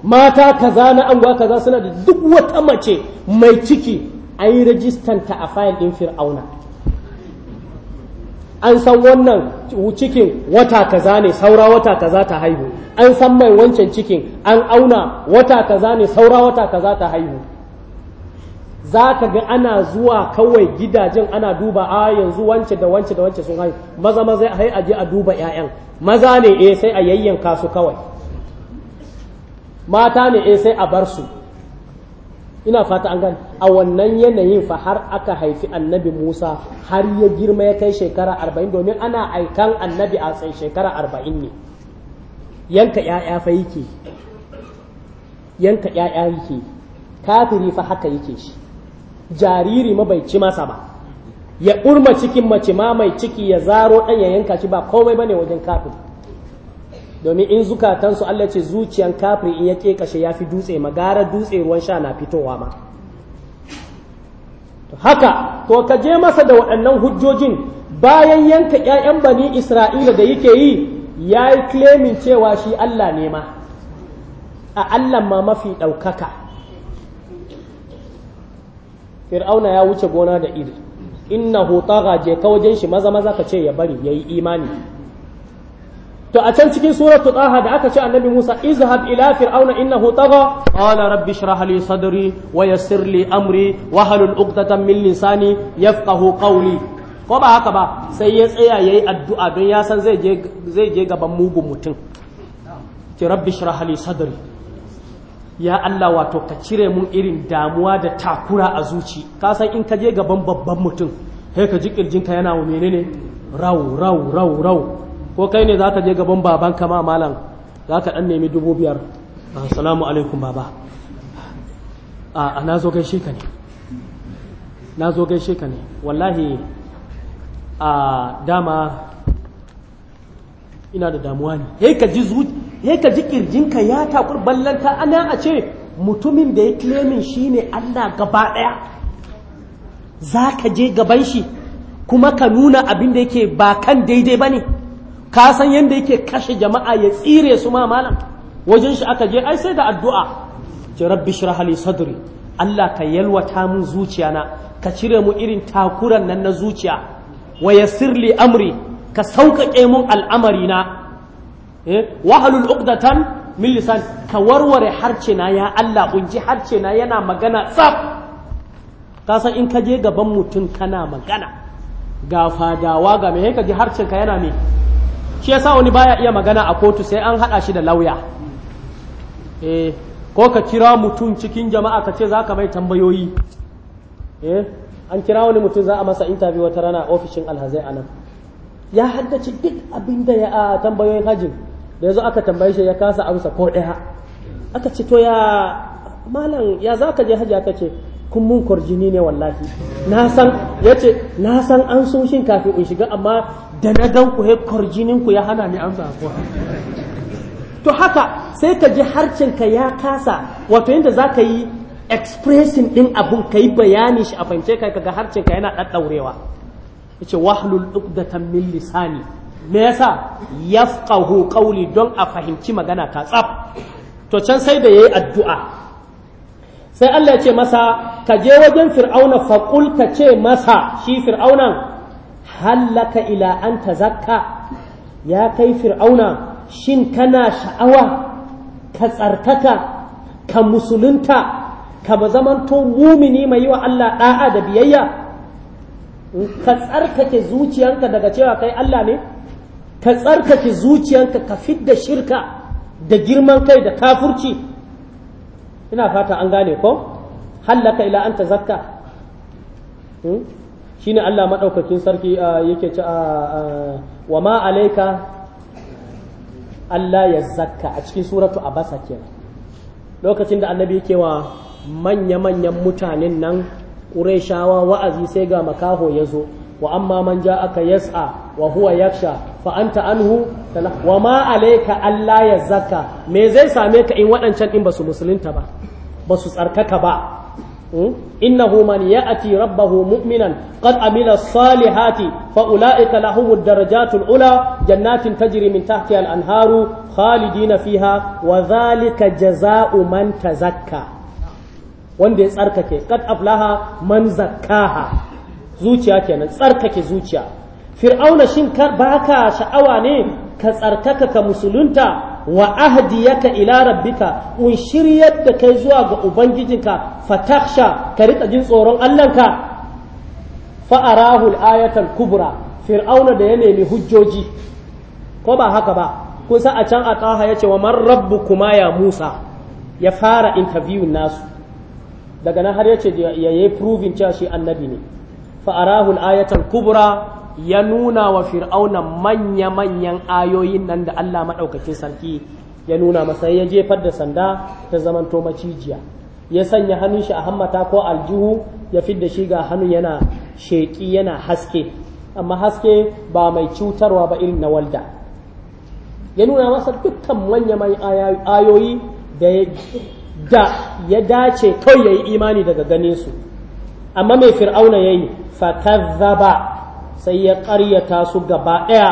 mata kaza na anguwa kaza suna da duk wata mace mai ciki a yi rajistanta a fayil ɗin fir'auna an san wannan cikin wata kaza ne saura wata kaza ta haihu an san mai wancan cikin an auna wata kaza ne saura wata kaza ta haihu za ka ga ana zuwa kawai gidajen ana duba a yanzu wance da wance da wance sun haihu maza maza ya a je a duba 'ya'yan maza ne eh sai a yayyanka su kawai mata ne eh sai a bar su ina fata an gani a wannan yanayin fa har aka haifi annabi Musa har ya girma ya kai shekara arba'in domin ana aikan annabi a tsayin shekara arba'in ne yanka 'ya'ya fa yake yanka 'ya'ya yake kafiri fa haka yake shi jariri ma bai ci masa ba ya urma cikin mace ma mai ciki ya zaro ɗan ya yanka shi ba komai ne wajen kafin domin in zukatansu Allah ce zuciyan kafin in ya kashe ya fi dutse magara dutse ruwan sha na fitowa ma haka to ka je masa da waɗannan hujjojin bayan yanka ƴaƴan bani isra'ila da yake yi ya yi cewa shi Allah ne ma a Allah ma mafi ɗaukaka fir'auna ya wuce gona da iri innahu tagha je ka wajen shi maza maza ka ce ya bari yayi imani to a can cikin suratu taha da aka ce annabi Musa izhab ila fir'auna innahu tagha qala rabbi shrah li sadri wa yassir li amri wa halul uqdatan min lisani yafqahu qawli ko ba haka ba sai ya tsaya yayi addu'a don ya san zai je zai je gaban mugun mutum ki rabbi shrah li sadri ya Allah wato ka cire mun irin damuwa da takura a zuci ka san in ka je gaban babban mutum sai ka ji kirjinka yana wa menene rau rau rau rau ko kai ne zaka je gaban baban ka ma malam zaka dan nemi dubu biyar assalamu alaikum baba a na zo gaishe ka ne na zo gaishe ka ne wallahi a dama ina da damuwa ne sai ka ji zuci ya ka ji kirjinka ya takur ballanta ana a ce mutumin da ya klemin shi ne Allah gaba ɗaya za ka je gaban shi kuma ka nuna abin da yake ba kan daidai ba ne ka yadda yake kashe jama'a ya tsire su ma malam wajen shi aka je ai sai da addu'a ce rabbi shi rahali sadri Allah ka yalwata mun zuciya na ka cire mu irin takuran nan na zuciya wa sirri amri ka sauƙaƙe mun al'amari na Eh? wahalul uqdatan min lisan ka warware harce na ya Allah kunji harce na yana magana tsaf ka san in ka je gaban mutum kana magana ga fadawa ga me ka ji harcin ka yana me shi yasa wani baya iya magana a kotu sai an hada shi da lauya eh ko ka kira mutum cikin jama'a ka ce zaka mai tambayoyi eh an kira wani mutum za a masa interview wata rana ofishin alhazai anan ya haddace duk abinda ya tambayoyin hajin da yazo aka tambaye shi ya kasa amsa ko ɗaya aka ce to ya malam ya za ka je hajji aka ce kun mun kwarjini ne wallahi na san ya ce na san an sun shin kafin in shiga amma da na gan ku he kwarjinin ku ya hana ni amsa ko to haka sai ka ji harcin ka ya kasa wato yadda za ka yi expressing din abun ka yi bayani shi a fahimce kai kaga harcin ka yana ɗaɗɗaurewa ya ce wahlul uqdatan min lisani me yasa yafqahu qawli don a fahimci magana ta tsaf to can sai da yayi addu'a sai Allah ya ce masa ka je wajen fir'auna faqul ka ce masa shi fir'aunan hallaka ila an tazakka ya kai fir'auna shin kana sha'awa ka tsarkaka ka musulunta ka ba zamanto mumini mai yi wa Allah da'a da biyayya ka tsarkake zuciyanka daga cewa kai Allah ne ka tsarkake zuciyanka ka da shirka da girman kai da kafurci ina fata an gane ko hallaka ila zakka? shi hmm? shine Allah maɗaukakin sarki yake ci a wa ma alaika Allah ya zakka a cikin suratu abasa kenan lokacin da annabi yake wa manya-manyan mutanen nan ƙureshawa wa'azi sai ga makaho ya zo wa amma manja aka yas'a wa huwa yaksha fa anta anhu wa ma alaika Allah ya zaka me zai same ka in waɗancan in basu musulunta ba basu tsarkaka ba hmm? innahu man ati rabbahu mu'minan qad amila salihati fa ulaika lahum darajatul ula jannatin tajri min tahtiha al-anharu khalidina fiha wa dhalika jazaa'u man tazakka wanda ya tsarkake qad aflaha man zakkaha zuciya kenan tsarkake zuciya fir'auna shin kar baka sha'awa ne ka tsarkaka ka musulunta wa ahdiyaka ila rabbika un shiryar da kai zuwa ga ubangijinka fatakhsha ka rika jin tsoron Allahnka fa arahu al kubra fir'auna da ya nemi hujjoji ko ba haka ba kun san a can a taha yace wa man rabbukuma ya Musa ya fara interview nasu daga nan har yace ya yi proving cewa shi annabi ne fa arahu al kubra ya nuna wa fir'auna manya-manyan ayoyin nan da Allah maɗaukacin sarki ya nuna masa ya jefar da sanda ta zamanto macijiya ya sanya hannun shi a hammata ko aljihu ya fidda shi ga hannun yana sheƙi yana haske amma haske ba mai cutarwa ba irin na walda ya nuna masa dukkan manya-manyan ayoyi da ya dace kawai ya yi imani daga ganin su amma mai fir'auna ya yi fakazzaba sai ya ƙaryata su gaba ɗaya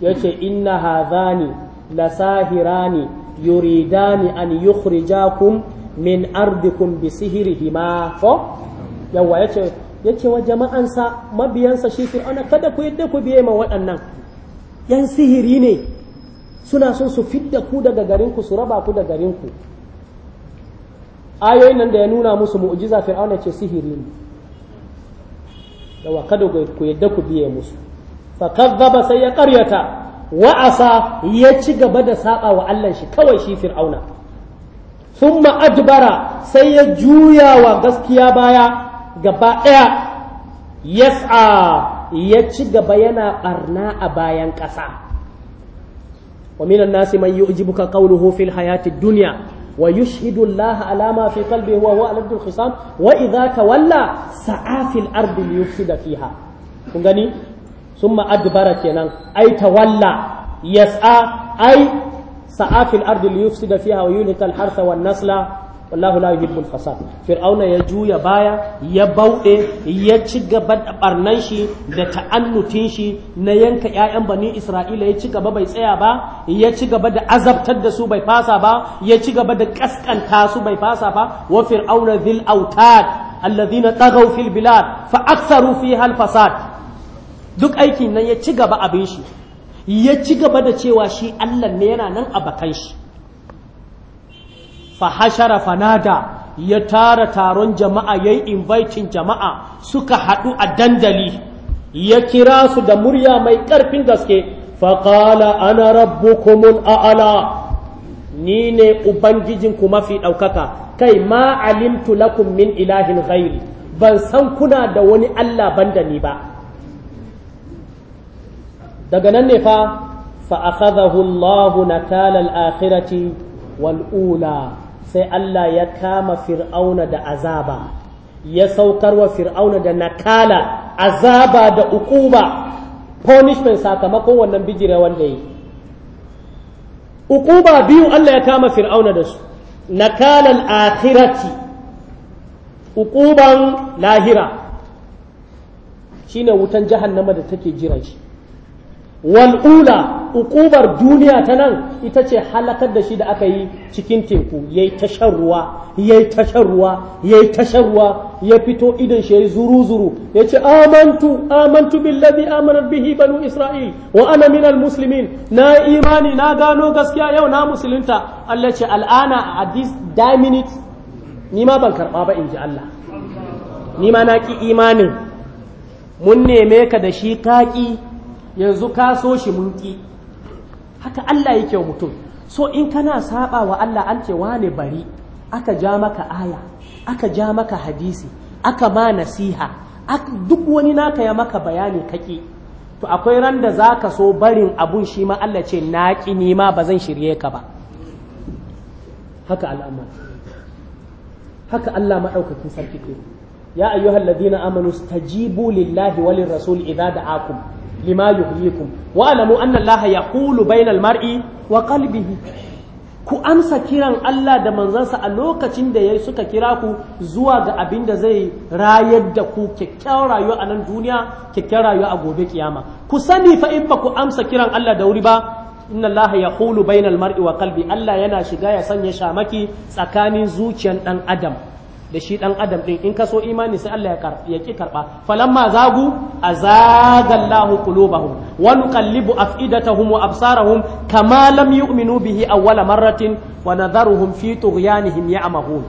ya ce inna hazani lasahirani yuridani an yukhrijakum min ardikum bi sihirihima fo yawa ya ce ya ce wa jama'ansa mabiyansa shi fir'auna kada ku yadda ku biye ma waɗannan yan sihiri ne suna son su fidda ku daga garinku su raba ku da garinku ayoyin nan da ya nuna musu mu'jiza fir'auna ce sihiri ne yawa kada ku yadda ku biye musu fa kadzaba sai ya karyata wa'asa ya ci gaba da saba wa Allah shi kawai shi fir'auna thumma adbara sai ya juya wa gaskiya baya gaba daya yas'a ya ci gaba yana barna a bayan ƙasa wa minan nasi man yu'jibuka qawluhu fil hayati dunya ويشهد الله على ما في قلبه وهو على الخصام وإذا تولى سعى في الأرض ليفسد فيها كنغني ثم أدبر كينان أي تولى يسعى أي سعى في الأرض ليفسد فيها ويهلك الحرث والنسل wallahu la yuhibbul fasad fir'auna ya juya baya ya bauɗe ya ci gaba da barnan shi da ta'annutin shi na yanka ƴaƴan bani isra'ila ya ci gaba bai tsaya ba ya ci gaba da azabtar da su bai fasa ba ya ci gaba da kaskanta su bai fasa ba wa fir'auna dhil autad alladhina taghaw fil bilad fa aktharu fiha al fasad duk aikin nan ya ci gaba abin shi ya ci gaba da cewa shi Allah ne yana nan a bakan shi fa fanada ya tara taron jama'a yayi inviting jama'a suka haɗu a dandali ya kira su da murya mai ƙarfin gaske faƙala ana rabbukumul a'ala ni ne ubangijinku mafi ɗaukaka kai ma alimtu lakum min ilahin ghairi ban san kuna da wani Allah banda ni ba daga nan ne fa fa akhadahu Allahu nakala akhirati wal ula sai Allah ya kama fir'auna da azaba ya saukar wa fir'auna da nakala azaba da ukuba punishment sakamakon wannan bijira wanda yi ukuba biyu Allah ya kama fir'auna da su nakalan akhirati ukuban lahira shine wutan jahannama da take jiran shi wal'ula uƙubar duniya ta nan ita ce halakar da shi da aka yi cikin teku ya yi tashar ruwa ya yi tashar ruwa ya yi tashar ruwa ya fito idan shi ya yi zuru-zuru ya ce amantu amantu billazi amanar bihi banu isra'il wa ana minal muslimin na imani na gano gaskiya yau na musulunta Allah ce al'ana a this die minute ni ma ban karɓa ba in ji Allah ni ma na ki imanin mun neme ka da shi kaƙi yanzu ka so shi mun ƙi. haka Allah yake wa mutum so in kana saba wa Allah an ce wane bari aka ja maka aya aka ja maka hadisi aka ma nasiha duk wani naka ya maka bayani kake to akwai ran da zaka so barin abun shi ma Allah ce na ki ni ma ba zan shirye ka ba haka al'amari haka Allah maɗaukakin sarki ke ya ayyuhal ladina amanu stajibu lillahi walin rasul idza da'akum lima yuhyikum wa alamu anna Allah yaqulu bainal mar'i ku amsa kiran Allah da manzansa a lokacin da yayi suka kira ku zuwa ga abin da zai rayar da ku kyakkyawar rayuwa a nan duniya kyakkyawar rayuwa a gobe kiyama ku sani fa in ba ku amsa kiran Allah da wuri ba inna Allah ya hulu bainal mar'i wa qalbi Allah yana shiga ya sanya shamaki tsakanin zuciyan dan adam da shi ɗan adam ɗin in ka so imani sai Allah ya ki karɓa falamma zagu azagallahu qulubahum wa nuqallibu afidatahum wa absarahum kama lam yu'minu bihi awwala marratin wa nadharuhum fi tughyanihim ya'mahun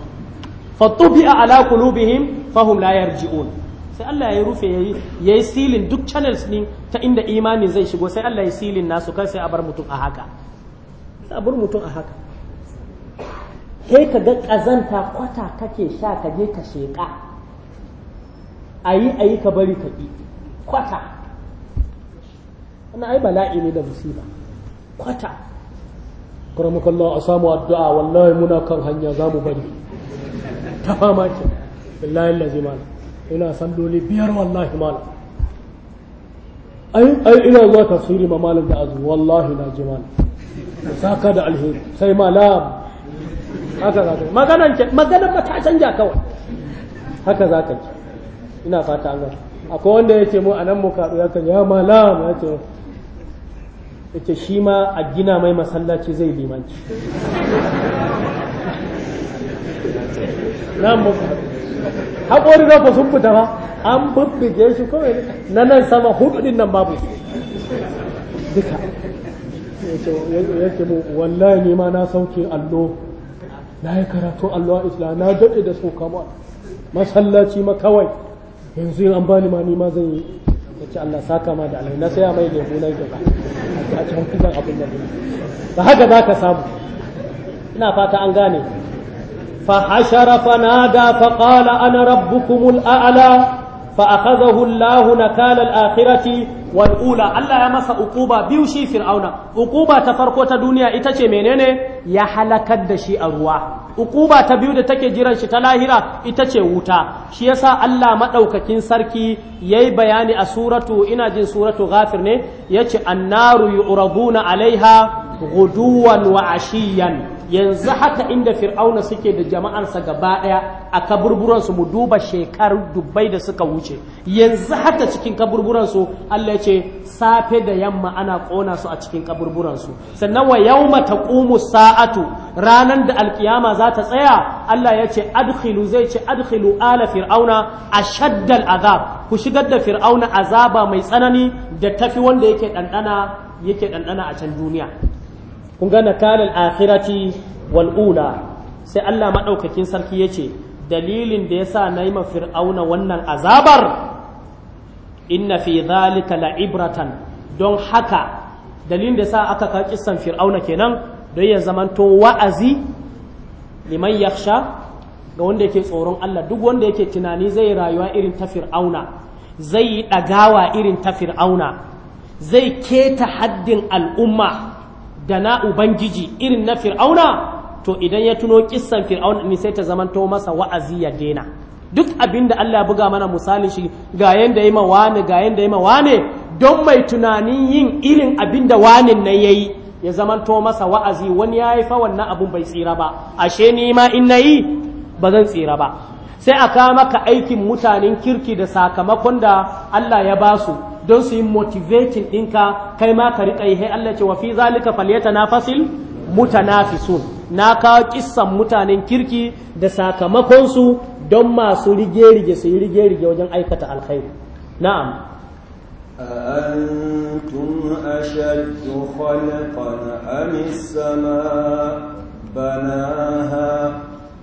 fatubi'a ala qulubihim fahum la yarji'un sai Allah ya rufe yayi yayi silin duk channels din ta inda imani zai shigo sai Allah ya silin nasu kai sai a bar mutum a haka sai a bar mutum a haka sai ka ga ƙazanta kwata kake sha ka je ka sheƙa a yi a yi ka bari ka ƙi kwata wannan ai bala'i ne da musiba kwata karamakallah a samu addu'a wallahi muna kan hanya za mu bari ta fama ke billahi lazi malam ina san dole biyar wallahi malam ai ai ina zuwa tafsiri ma malam da azu wallahi na ji malam saka da alheri sai malam haka za ka maganan maganan ba ta canja kawai haka za ka ce ina fata an gani akwai wanda ya ce mu anan mu kaɗu ya kan ya malam ya ce ya ce shi ma a gina mai masallaci zai limanci nan mu haƙori na sun fita ba an bubbuge shi kawai na nan sama hudu nan babu duka ya ce mu wallahi ne ma na sauke allo na yi karatu Allah isla na daɗe da so kama masallaci ma kawai yanzu yin an bani ma nima zan yi ya Allah saka ma da alai na saya mai lemu na gaba a cikin kusan abin da ba haka za ka samu ina fata an gane fa hashara fa nada fa qala ana rabbukumul a'la فأخذه الله نكال الآخرة والأولى ألا يمس أقوبة بيوشي فرعون أقوبة تفرقو تدنيا إتشي منيني يحلك الدشي أرواح أقوبة تبيود تكي جيران شتلاهرة إتشي ووتا شيسا ألا مدوك كنسركي يي بياني أسورة إنا جن سورة غافر ني يتش النار يعرضون عليها غدوا وعشيا yanzu haka inda fir'auna suke da jama'arsa gaba ɗaya a kaburburansu mu duba shekaru dubbai da suka wuce yanzu haka cikin kaburburansu Allah ya ce safe da yamma ana ƙona su a cikin kaburburansu sannan wa yawma ƙumu sa'atu ranar da alkiyama za ta tsaya Allah ya ce adkhilu zai ce adkhilu ala fir'auna a shaddal azab ku shigar da fir'auna azaba mai tsanani da tafi wanda yake ɗanɗana yake ɗanɗana a can duniya kun ga kalal akhirati wal ula sai Allah madaukakin sarki yace dalilin da yasa nayi ma fir'auna wannan azabar inna fi dhalika la ibratan don haka dalilin da yasa aka ka kissan fir'auna kenan don ya zamanto wa'azi liman yakhsha ga wanda yake tsoron Allah duk wanda yake tunani zai rayuwa irin ta fir'auna zai yi ɗagawa irin ta fir'auna zai keta haddin al'umma da na ubangiji irin na fir'auna to idan ya tuno kissan fir'auna ni sai ta zamanto masa wa'azi ya dena duk abin da Allah ya buga mana misalin shi ga yanda yayi ma wane ga yanda ma don mai tunanin yin irin abin da wanin na yayi ya zamanto masa wa'azi wani yayi fa wannan abun bai tsira ba ashe ni ma in yi ba zan tsira ba sai a kawo maka aikin mutanen kirki da sakamakon da Allah ya ba su don su yi motivating ɗinka kai ma ka riƙa yi Allah ce wa fi zalika falyata na fasil mutanafisun na kawo kissan mutanen kirki da sakamakonsu don masu rige-rige su yi rige-rige wajen aikata alkhairi na'am أأنتم أشد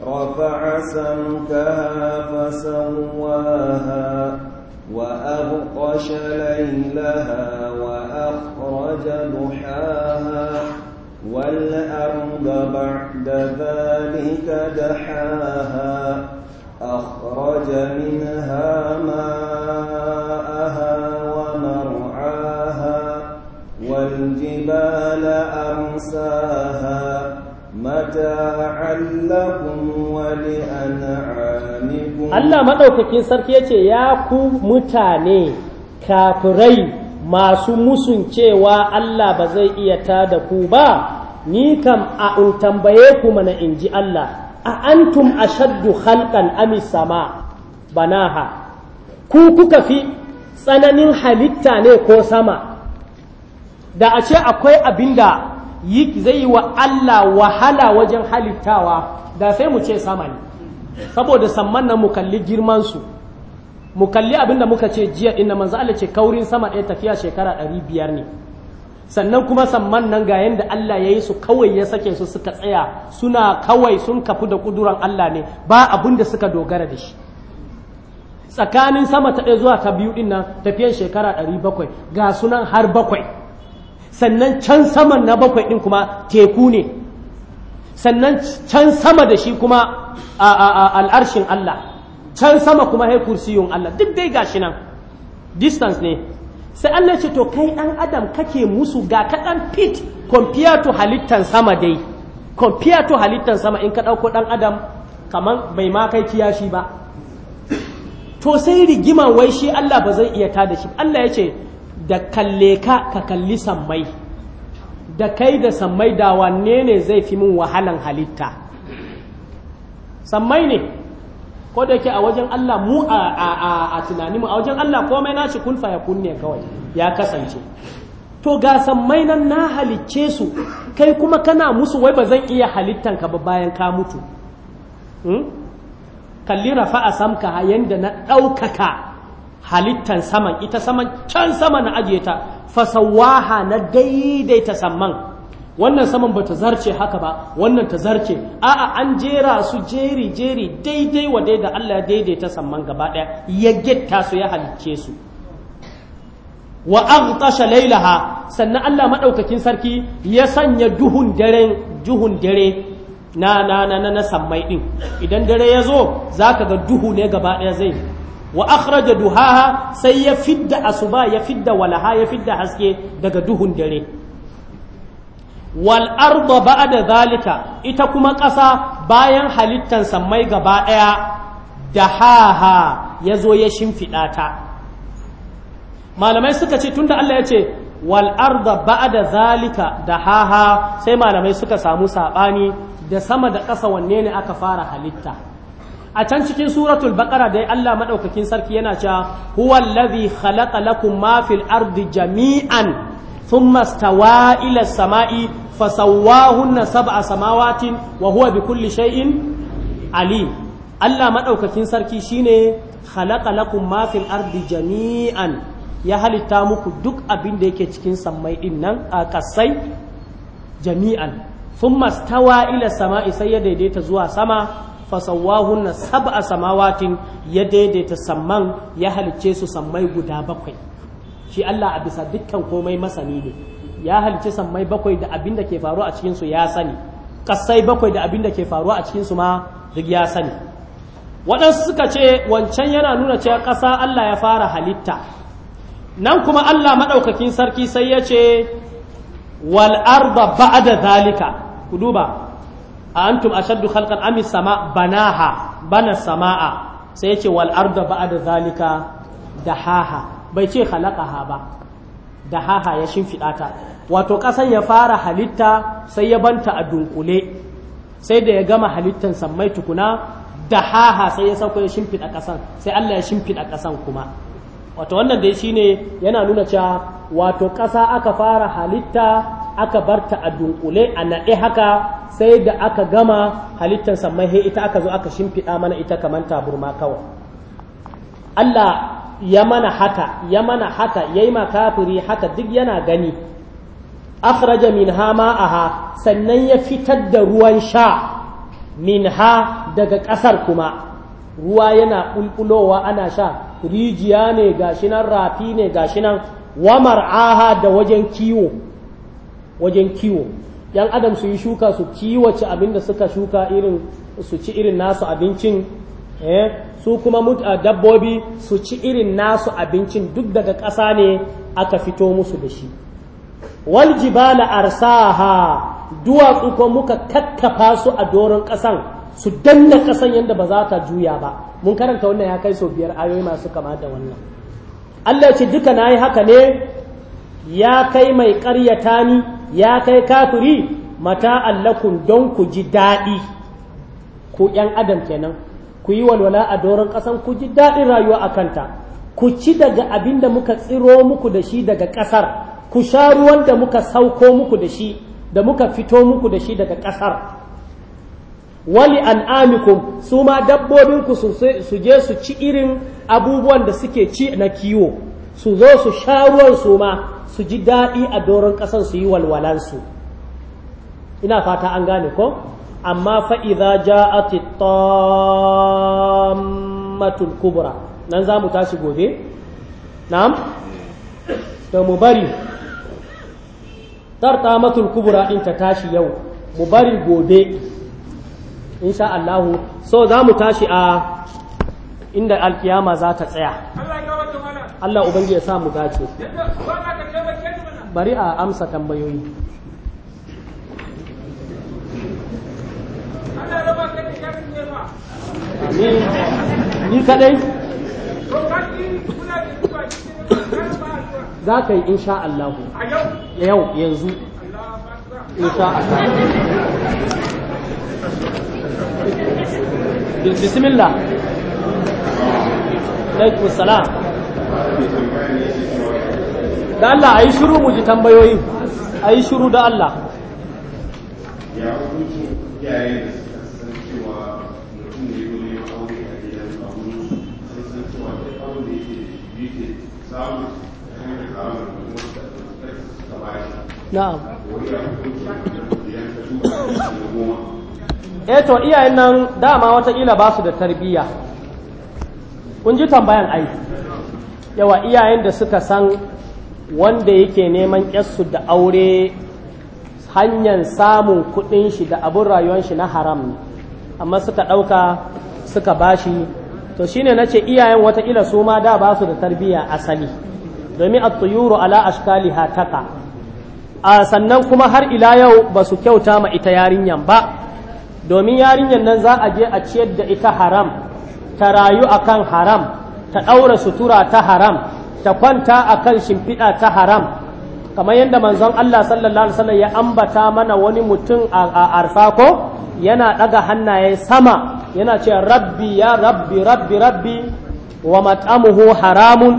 رفع سمكها فسواها وأغطش ليلها وأخرج ضحاها والأرض بعد ذلك دحاها أخرج منها ماءها ومرعاها والجبال أرساها Allah maɗaukakin sarki ya ce ya ku mutane kafirai masu musun cewa Allah ba zai iya ta da ku ba ni kam a tambaye ku mana in ji Allah a antum ashaddu halkan amis sama banaha ku kuka fi tsananin halitta ne ko sama da a ce akwai abinda zai yi wa Allah wahala wajen halittawa da sai mu ce sama ne saboda samman nan mu kalli girmansu mu kalli abinda muka ce jiya inda manzo Allah ce kaurin sama ɗaya tafiya shekara ɗari biyar ne sannan kuma samman nan ga yanda Allah ya yi su kawai ya sake su suka tsaya suna kawai sun kafu da kuduran Allah ne ba abin da suka dogara da shi tsakanin sama ta ɗaya zuwa ta biyu ɗin nan tafiyan shekara ɗari bakwai ga sunan har bakwai sannan can saman na bakwai ɗin kuma teku ne sannan can sama da shi kuma al'arshin Allah can sama kuma hai kursiyun Allah duk dai gashi nan distance ne sai Allah ce to kai ɗan adam kake musu ga kaɗan pit compare to halittan sama dai compare to halittan sama in ka ɗauko ɗan adam kamar bai makai kai kiyashi ba to sai rigima wai shi Allah ba zai iya ta da shi Allah ya ce da kalle ka ka kalli sammai da kai da sammai da wanne ne zai fi mun wahalan halitta sammai ne ko da yake a wajen Allah mu a a tunani mu a wajen Allah komai na kun fa yakun ne kawai ya kasance to ga sammai nan na halicce su kai kuma kana musu wai ba zan iya halittan ka ba bayan ka mutu hmm? kalli rafa a samka yanda na ɗaukaka halittan saman ita saman can sama na ajiye ta fasawaha na daidaita saman wannan saman bata zarce haka ba wannan ta zarce a'a an jera su jeri jeri daidai wa daida Allah ya daidaita saman gaba daya ya getta su ya halicce su wa aghtasha lailaha sannan Allah madaukakin sarki ya sanya duhun dare duhun dare na na na na sammai din idan dare ya zo zaka ga duhu ne gaba daya zai wa akhraja duhaha sai ya fidda asuba ya fidda walaha ya fidda haske daga duhun dare wal arda ba'da zalika ita kuma ƙasa bayan halittan sammai gaba ɗaya dahaha ya zo ya shimfiɗa ta malamai suka ce tunda Allah ya ce wal arda ba'da zalika dahaha sai malamai suka samu saɓani da sama da ƙasa wanne ne aka fara halitta a can cikin suratul baqara dai Allah madaukakin sarki yana cewa huwal ladhi khalaqa lakum ma fil ardi jami'an thumma stawa ila samai fasawwahunna sab'a samawatin wa huwa bi kulli shay'in Ali. Allah madaukakin sarki shine khalaqa lakum ma fil ardi jami'an ya halitta muku duk abin da yake cikin sammai din nan a kasai jami'an sun mastawa ila sama'i sai ya daidaita zuwa sama fasawahunna sab'a samawatin ya daidaita samman ya halicce su sammai guda bakwai shi Allah a bisa dukkan komai masani ne ya halice sammai bakwai da abin da ke faruwa a cikin ya sani kasai bakwai da abin da ke faruwa a cikin ma duk ya sani waɗansu suka ce wancan yana nuna cewa ƙasa Allah ya fara halitta nan kuma Allah maɗaukakin sarki sai ya ce wal arda ba'da zalika ku duba antum ashaddu khalqan am sama banaha bana samaa sai yace wal arda ba'da zalika dahaha bai ce khalaqaha ba dahaha ya shimfiɗa ta wato ƙasan ya fara halitta sai ya banta a dunkule sai da ya gama halittan sammai tukuna dahaha sai ya sauko ya shimfiɗa kasan sai Allah ya shimfiɗa ƙasan kuma wato wannan dai shine yana nuna cewa wato ƙasa aka fara halitta aka barta a dunkule a naɗe haka sai da aka gama halittar samman he ita aka zo aka shimfiɗa mana ita kamar taburma kawai Allah ya mana haka ya mana haka yayi ma kafiri haka duk yana gani akhraja minha ma'aha sannan ya fitar da ruwan sha min ha daga ƙasar kuma ruwa yana ƙulƙulowa ana sha rijiya ne shi nan rafi ne shi nan wa mar'aha da wajen kiwo wajen kiwo yan adam su yi shuka su kiwace abin da suka shuka irin su ci irin nasu abincin eh, su kuma dabbobi su ci irin nasu abincin duk daga ƙasa ne aka fito musu da shi wal jibala arsaha duwatsu ko muka kakkafa su a doron ƙasan su danna ƙasan yadda ba za ta juya ba mun karanta wannan ya kai sau biyar ayoyi masu kama da wannan Allah ce duka na yi haka ne ya kai mai ƙaryata ni ya kai kafiri mata allakun don ku ji daɗi ku ‘yan adam kenan ku yi walwala a doron ƙasan ku ji daɗin rayuwa a kanta ku ci daga abin da muka tsiro muku da shi daga ƙasar ku sha ruwan da muka sauko muku da shi da muka fito muku da shi daga ƙasar wali an'amikum su ma dabbobinku su je su ci irin abubuwan da suke ci na kiwo su zo su sha ruwan su ma su ji daɗi a doron ƙasar su yi walwalansu ina fata an gane ko amma fa'iza a tammatul kubura nan za mu tashi gobe na'am to mu bari tartamatul kubura in ta tashi yau mu bari gobe insha Allahu so za mu tashi a inda alkiyama za ta tsaya Allah ubangi ya sa mu dace bari a amsa tambayoyi ni kadai za ka yi insha Allah yau yanzu insha Allah bismillah alaikum salam da Allah a yi shiru mu ji tambayoyin a gidan shuru da Allah na'am eh to iyayen nan dama watakila ba su da tarbiyya kun ji tambayan ai yawa iyayen da suka san wanda yake neman yassu da aure hanyar samun kudin shi da abin rayuwar shi na haram amma suka ɗauka suka bashi to shine nace iyayen wata su ma da basu da tarbiyya asali domin at-tuyuru ala ashkaliha taqa a sannan kuma har ila yau ba su kyauta ma ita yarinyan ba domin yarinyan nan za a je a ciyar da ita haram ta rayu a kan haram ta ɗaura sutura ta haram ta kwanta akan shimfiɗa ta haram kamar yadda manzon Allah sallallahu alaihi wasallam ya ambata mana wani mutum a arfa ko yana ɗaga hannaye sama yana ce rabbi ya rabbi rabbi rabbi wa mat'amuhu haramun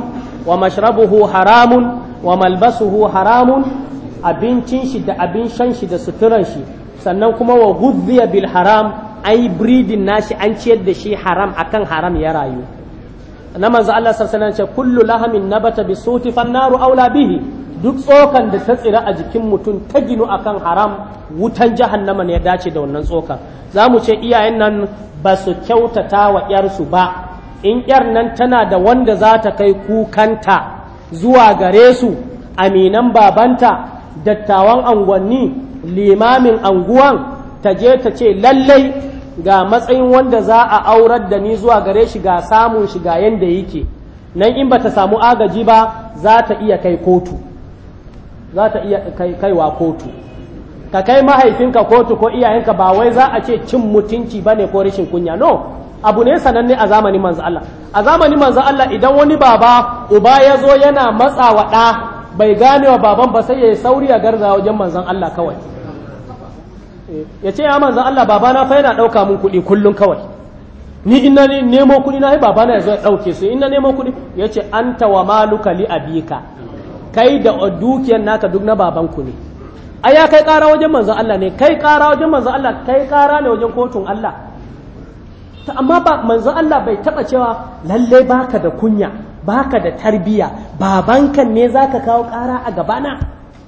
wa mashrabuhu haramun wa malbasuhu haramun abincin shi da abin shan shi da suturan shi sannan kuma wa bil haram ai breeding nashi an ciyar da shi haram akan haram ya rayu na manzo Allah sallallahu alaihi wasallam kullu lahamin nabata bi suti fannaru aula bihi duk tsokan da ta tsira a jikin mutum ta ginu akan haram wutan jahannama ne ya dace da wannan tsokan zamu ce iyayen nan ba su kyautata wa yarsu ba in yar nan tana da wanda za ta kai kukanta zuwa gare su aminan babanta dattawan angwanni limamin anguwan ta je ta ce lallai ga matsayin wanda za a aurar da ni zuwa gare shi ga samun shiga ga yanda yake nan in ba ta samu agaji ba za ta iya kai kotu za ta iya kaiwa kotu ka kai mahaifinka kotu ko iyayenka ba wai za a ce cin mutunci ba ne ko rashin kunya no abu ne sananne a zamanin manzo Allah a zamanin manzo Allah idan wani baba uba ya zo yana matsawa ɗa bai gane wa baban ba sai ya yi sauri a garza wajen manzon Allah kawai ya ce ya manzan Allah babana fa yana ɗauka mun kuɗi kullum kawai ni ina nemo kuɗi na babana ya zo ya ɗauke su ina nemo kuɗi ya ce an tawa maluka li abika kai da dukiyar naka duk na babanku ne ai ya kai ƙara wajen manzan Allah ne kai ƙara wajen manzan Allah kai ƙara ne wajen kotun Allah ta amma ba manzan Allah bai taɓa cewa lalle baka da kunya baka da tarbiya kan ne zaka kawo ƙara a gabana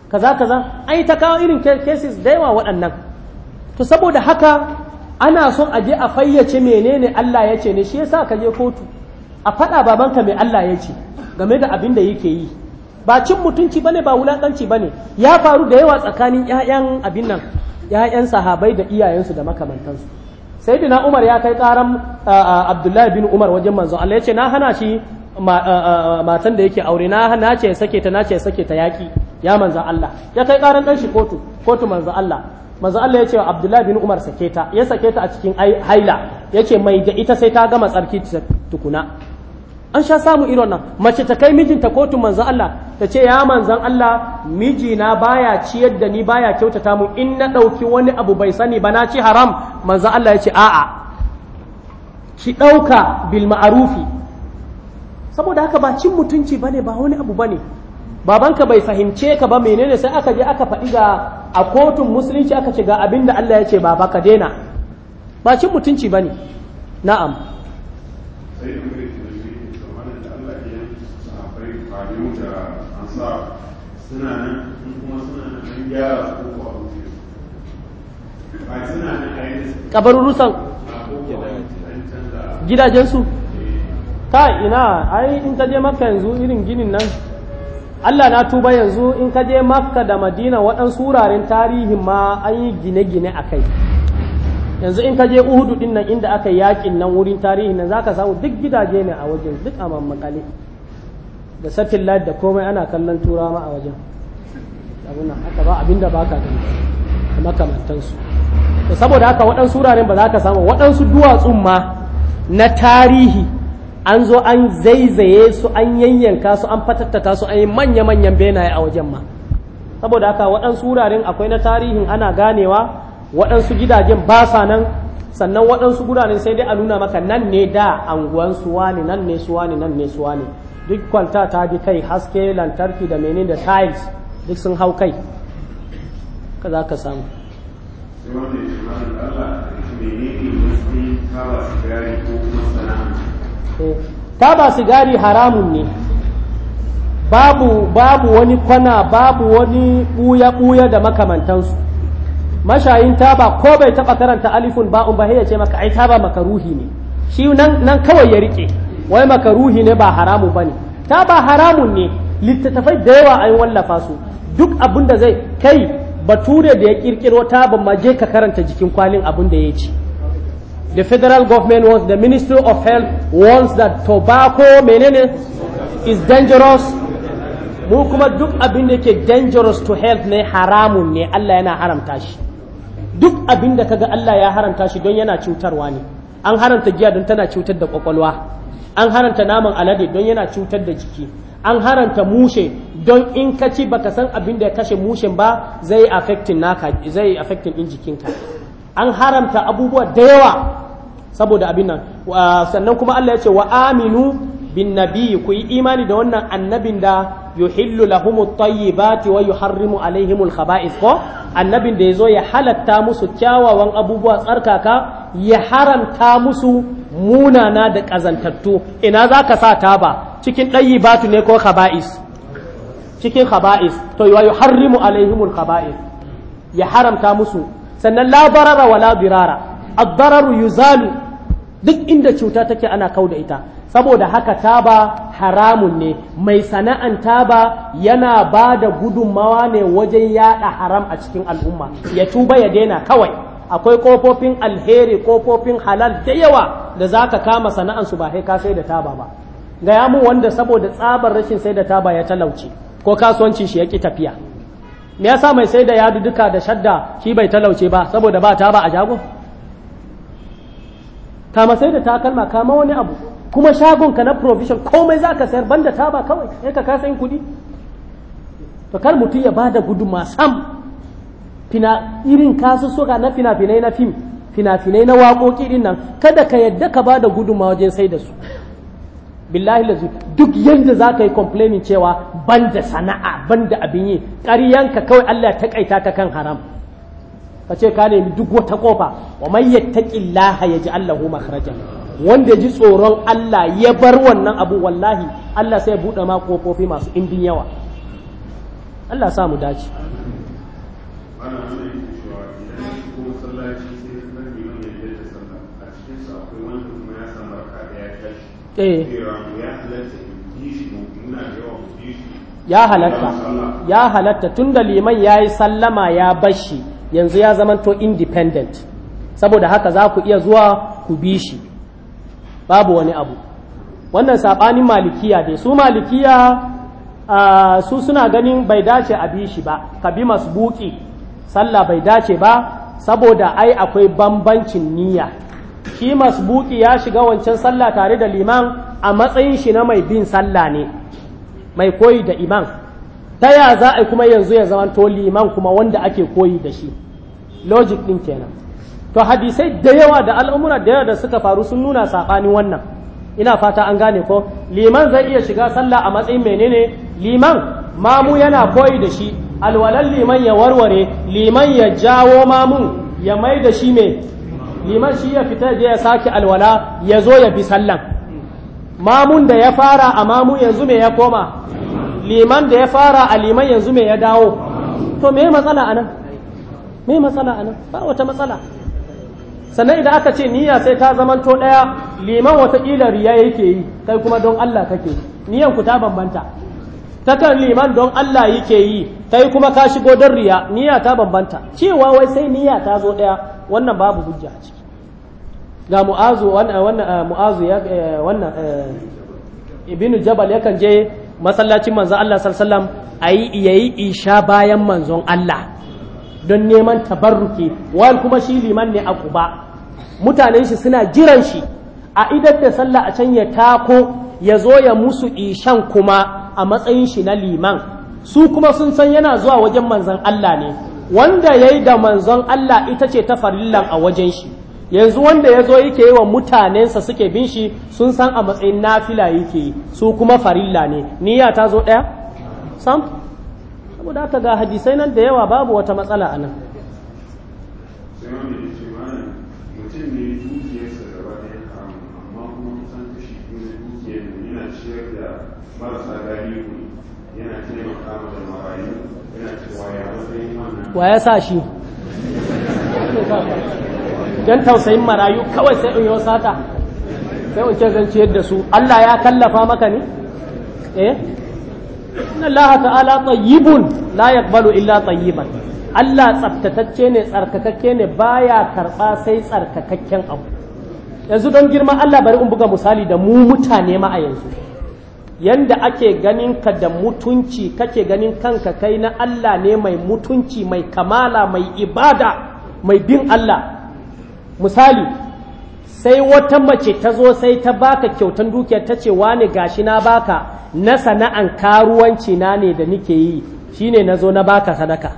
kaza kaza ai ta kawo irin cases da yawa waɗannan to saboda haka ana son a je a fayyace menene Allah ya ce ne shi yasa ka je kotu a faɗa babanka mai Allah ya ce game da abin da yake yi ba cin mutunci bane ba wulakanci bane ya faru da yawa tsakanin ƴaƴan abin nan ƴaƴan sahabai da iyayensu da makamantansu sayyidina Umar ya kai karam Abdullahi bin Umar wajen manzo Allah ya ce na hana shi matan da yake aure na hana ce sake ta na ce sake ta yaki ya manzo Allah ya kai karan dan shi kotu kotu manzo Allah manzo Allah ya ce wa Abdullahi bin Umar sake ta ya sake ta a cikin haila yace mai da ita sai ta gama tsarki tukuna an sha samu irin nan mace ta kai mijinta kotun manzan Allah ta ce ya manzan Allah mijina baya ciyar da ni baya kyautata mu in na ɗauki wani abu bai sani ba na ci haram Manza Allah ya ce a'a ki ɗauka bil ma'arufi saboda haka ba cin mutunci bane ba wani abu bane babanka bai fahimce ka ba menene sai aka je aka faɗi ga a kotun musulunci aka ce ga abin da Allah ya ce baba ka daina ba cin mutunci ba ne na'am kabarurusan gidajensu ta eh. ina ai in ta je maka yanzu irin ginin nan Allah na tuba yanzu in ka je Makka da Madina waɗansu wuraren tarihin ma an yi gine-gine a kai yanzu in ka je Uhudu din nan inda aka yakin nan wurin tarihin nan za ka samu duk gidaje ne a wajen duk a mammakale da satellite da komai ana kallon tura ma a wajen abin haka ba abinda baka gani da makamantansu saboda haka waɗansu wuraren ba za ka samu waɗansu duwatsun ma na tarihi an zo an zaizaye su an yayyanka su an fatattata su an yi manya-manyan benaye a wajen ma saboda haka waɗansu wuraren akwai na tarihin ana ganewa waɗansu gidajen ba sa nan sannan waɗansu wuraren sai dai a nuna maka nan ne da anguwan suwa ne nan ne suwa ne nan ne suwa ne duk kwanta ta bi kai haske lantarki da menene da tiles duk sun hau kai ka za ka samu Allah taba sigari haramun ne babu wani kwana babu wani buya buya da makamantansu mashayin taba ko bai taɓa karanta alifun ba'un ba ya ce maka ai taba makaruhi ne shi nan kawai ya rike wai makaruhi ne ba haramu ba ne taba haramun ne littattafai da yawa an wallafa su duk abin da zai kai bature da ya kirkiro taban ma je ka karanta jikin kwalin abin da ya ce The federal government wants, the Ministry of Health wants that tobacco menene is dangerous. Mu kuma duk abin da ke dangerous to health ne haramun ne Allah yana haramta shi. Duk abin da kaga Allah ya haramta shi don yana cutarwa ne. An haramta giya don tana cutar da kwakwalwa. An haramta naman alade don yana cutar da jiki. An haramta mushe don in ka ci baka san abin da ya kashe mushen ba zai affecting naka zai affecting din jikinka. an haramta abubuwa da yawa saboda abin nan sannan kuma Allah ya ce wa aminu bin nabi ku yi imani da wannan annabin da yuhillu lahum tayyibati wa yuharrimu alaihim al ko annabin da ya zo ya halatta musu kyawawan abubuwa tsarkaka ya haramta musu munana da kazantattu ina zaka sa taba cikin tayyibatu ne ko khaba'is cikin khaba'is to yuharrimu alaihim ya haramta musu sannan Labarara wa Labirara, birara yuzalu duk inda cuta take ana kau da ita saboda haka taba haramun ne mai sana'an taba yana ba da gudunmawa ne wajen yada haram a cikin al'umma ya tuba ya daina kawai akwai kofofin alheri kofofin halal da yawa da za ka kama sana'an su ba ka sai da taba ba Gaya mu wanda saboda tsabar rashin sai da taba ya talauci ko kasuwanci shi ya ki tafiya me yasa mai sai da yadu duka da shadda shi bai talauce ba saboda ba ta ba a jago kama sai da takalma kama wani abu kuma shagon ka na provision komai za ka sayar banda ta ba kawai sai ka kasa yin kudi to kar mutum ya bada guduma sam fina irin kasussuka na fina-finai na fim fina-finai na waƙoƙi din nan kada ka yadda ka bada guduma wajen sai da su billahi lazi duk yanda za ka yi complaining cewa ban da sana'a ban da abin yi ƙaryanka kawai Allah ya taƙaita ta kan haram ka ce ka nemi duk wata ƙofa wa man yattaqillaha yaj'al lahu makhraja wanda ji tsoron Allah ya bar wannan abu wallahi Allah sai bude buɗe ma kofofi masu indin yawa Allah sa mu dace Eh. ya halatta ya halatta tun da liman ya yi sallama ya bashi yanzu ya zamanto independent saboda haka za ku iya zuwa ku bi shi babu wani abu wannan saɓanin malikiya dai su malikiya su suna ganin bai dace a bi shi ba ka bi masbuki sallah bai dace ba saboda ai akwai bambancin niyya shi Buki ya shiga wancan sallah tare da liman a matsayin shi na mai bin sallah ne mai koyi da iman ta ya za a kuma yanzu ya zama to liman kuma wanda ake koyi da shi logic din kenan to hadisai da yawa da al'amura da yawa da suka faru sun nuna saɓanin wannan ina fata an gane ko liman zai iya shiga sallah a matsayin menene liman mamu yana koyi da shi alwalan liman ya warware liman ya jawo mamun ya mai da shi mai liman shi ya fita je ya sake alwala ya zo ya bi sallan mamun da ya fara a mamun yanzu me ya koma liman da ya fara a liman yanzu me ya dawo to me matsala anan me matsala anan ba wata matsala sannan idan aka ce niyya sai ta zamanto ɗaya liman watakila riya yake yi kai kuma don Allah kake niyan ku ta bambanta takan liman don Allah yake yi kai kuma ka shigo don riya niyya ta bambanta cewa wai sai niyya ta zo ɗaya wannan babu hujja a ciki ga mu'azu wannan eh, mu'azu ya eh, wannan eh, ibnu jabal yakan je masallacin manzon Allah sallallahu alaihi wasallam yayi isha bayan manzon Allah don neman tabarruki wal kuma shi liman ne a kuba mutanen shi suna jiran shi a idan da sallah a can ya tako ya zo ya musu ishan kuma a matsayin shi na liman su kuma sun san yana zuwa wajen manzon Allah ne wanda ya yi da manzon Allah ita ce ta farillan a wajen shi yanzu wanda ya zo yake yi wa mutanensa suke bin shi sun san a matsayin nafila yake yi su kuma farilla ne niyya ta zo ɗaya sam saboda ta ga hadisai nan da yawa babu wata matsala a nan wa ya sa shi don tausayin marayu kawai sai in yi sata sai in ce zan ciyar da su Allah ya kallafa maka ne eh inna laha ta'ala tayyibun la yaqbalu illa tayyiban Allah tsaftatacce ne tsarkakakke ne baya karɓa sai tsarkakakken abu yanzu don girma Allah bari in buga misali da mu mutane ma a yanzu yanda ake ganin ka da mutunci kake ganin kanka kai na Allah ne mai mutunci mai kamala mai ibada mai bin Allah misali sai wata mace ta zo sai ta baka kyautan dukiyar ta ce wane gashi na baka na sana'an karuwanci na ne da nike yi shine na zo na baka sadaka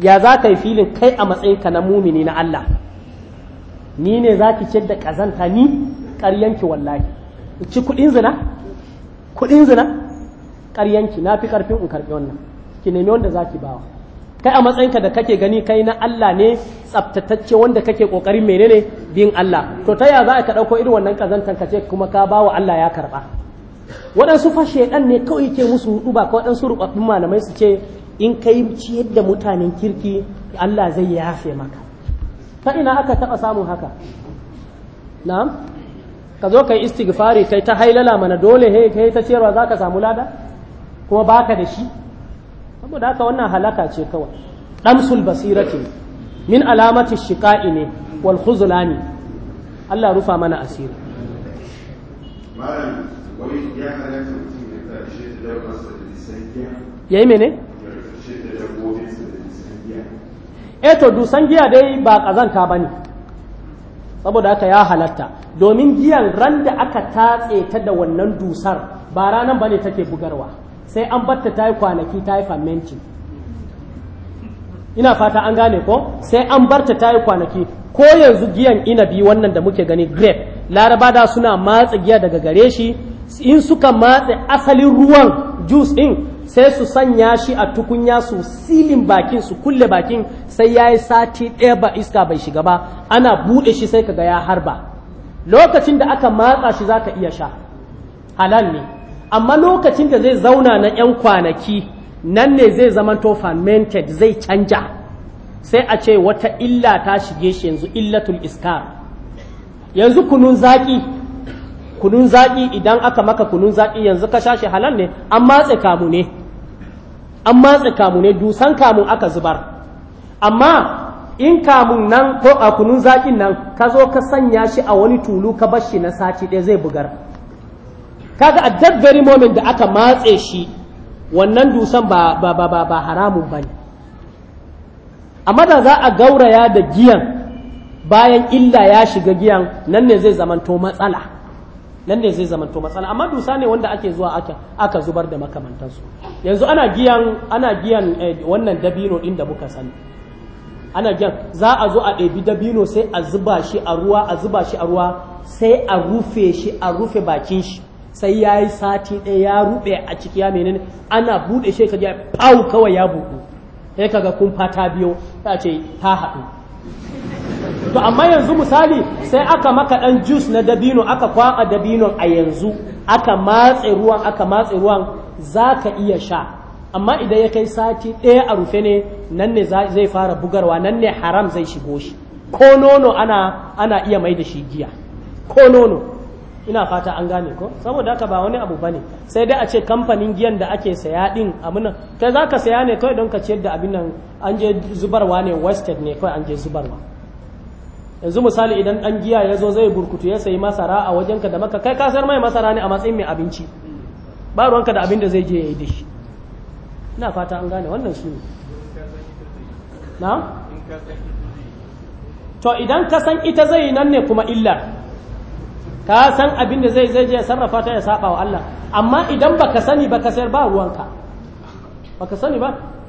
ya za ka yi filin kai a matsayinka na mumini na Allah ni ne za ki ce da kazanta ni ƙaryanki wallahi ci kuɗin zina kuɗin zina ƙaryanci na fi ƙarfin in karɓi wannan ki nemi wanda za ki bawa kai a matsayinka da kake gani kai na Allah ne tsaftatacce wanda kake ƙoƙarin menene bin Allah to ta ya za ka ɗauko irin wannan ƙazantar ka ce kuma ka bawa Allah ya karɓa waɗansu fa ne kawai ke musu hudu ba ko waɗansu rubabbin malamai su ce in kai ci yadda mutanen kirki Allah zai yafe maka ta ina aka taɓa samun haka na'am ka zo kai istighfari kai ta hailala mana dole he kai ta cewa ka samu lada kuma baka da shi saboda haka wannan halaka ce kawai damsul basirati min alamati shiqa'i ne wal khuzlani Allah rufa mana asiri malam wai ya halaka ya da da mene eto eh dusan giya dai ba kazanta bane saboda haka ya halatta domin giyan ran da aka tatse ta da wannan dusar ba ranan bane take bugarwa sai an batta ta yi kwanaki ta yi famenti ina fata an gane ko sai an barta ta yi kwanaki ko yanzu giyan inabi wannan da muke gani grape laraba da suna matse giya daga gare shi in suka matse asalin ruwan juice din sai su sanya shi a tukunya su silin bakin su kulle bakin sai ya yi sati ɗaya ba iska bai shiga ba ana buɗe shi sai kaga ya harba lokacin da aka matsa shi za ka iya sha halal ne amma lokacin da zai zauna na 'yan kwanaki nan ne zai zama fermented zai canja sai a ce wata illa ta shige shi yanzu illatul iskar yanzu kunun zaki. kunun zaƙi idan aka maka kunun zaƙi yanzu ka shashi halal ne an matse kamu ne an matse kamu ne dusan kamun aka zubar amma in kamun nan ko a kunun zaƙin nan ka zo ka sanya shi a wani tulu ka bar shi na sati ɗaya zai bugar kaga a that very moment da aka matse shi wannan dusan ba ba ba ne. a haramun za a gauraya da giyan bayan illa ya shiga giyan nan ne zai zamanto matsala nan ne zai zamanto matsala amma dusa ne wanda ake zuwa aka aka zubar da makamantansu yanzu ana giyan ana giyan eh, wannan dabino din da muka sani ana giyan za a zo a ɗebi dabino sai a zuba shi a ruwa a zuba shi a ruwa sai a rufe shi a rufe bakin shi sai ya yi sati ɗaya ya ruɓe a ciki ya menene ana buɗe shi ka pau kawai ya buɗu sai kaga kun fata biyo ta ce ta haɗu to amma yanzu misali sai aka maka dan juice na dabino aka kwaka dabinon a yanzu aka matse ruwan aka matse ruwan zaka iya sha amma idan ya kai sati ɗaya a rufe ne nan ne zai fara bugarwa nan ne haram zai shigo shi ko nono ana ana iya mai da shi giya ko nono ina fata an gane ko saboda haka ba wani abu bane sai dai a ce kamfanin giyan da ake saya din abinan kai zaka saya ne kawai don ka ciyar da abin nan an je zubarwa ne wasted ne kawai an je zubarwa yanzu misali idan ɗan giya ya zo zai burkutu ya sayi masara a wajenka da maka kai kasar mai masara ne a matsayin mai abinci ba ruwanka da abin da zai je ya yi shi ina fata an gane wannan su ne na? to idan ka san ita zai yi nan ne kuma illa ka san abin da zai zai je ya sarrafa ta ya saba wa Allah amma idan baka sani baka sayar ba ruwanka baka sani ba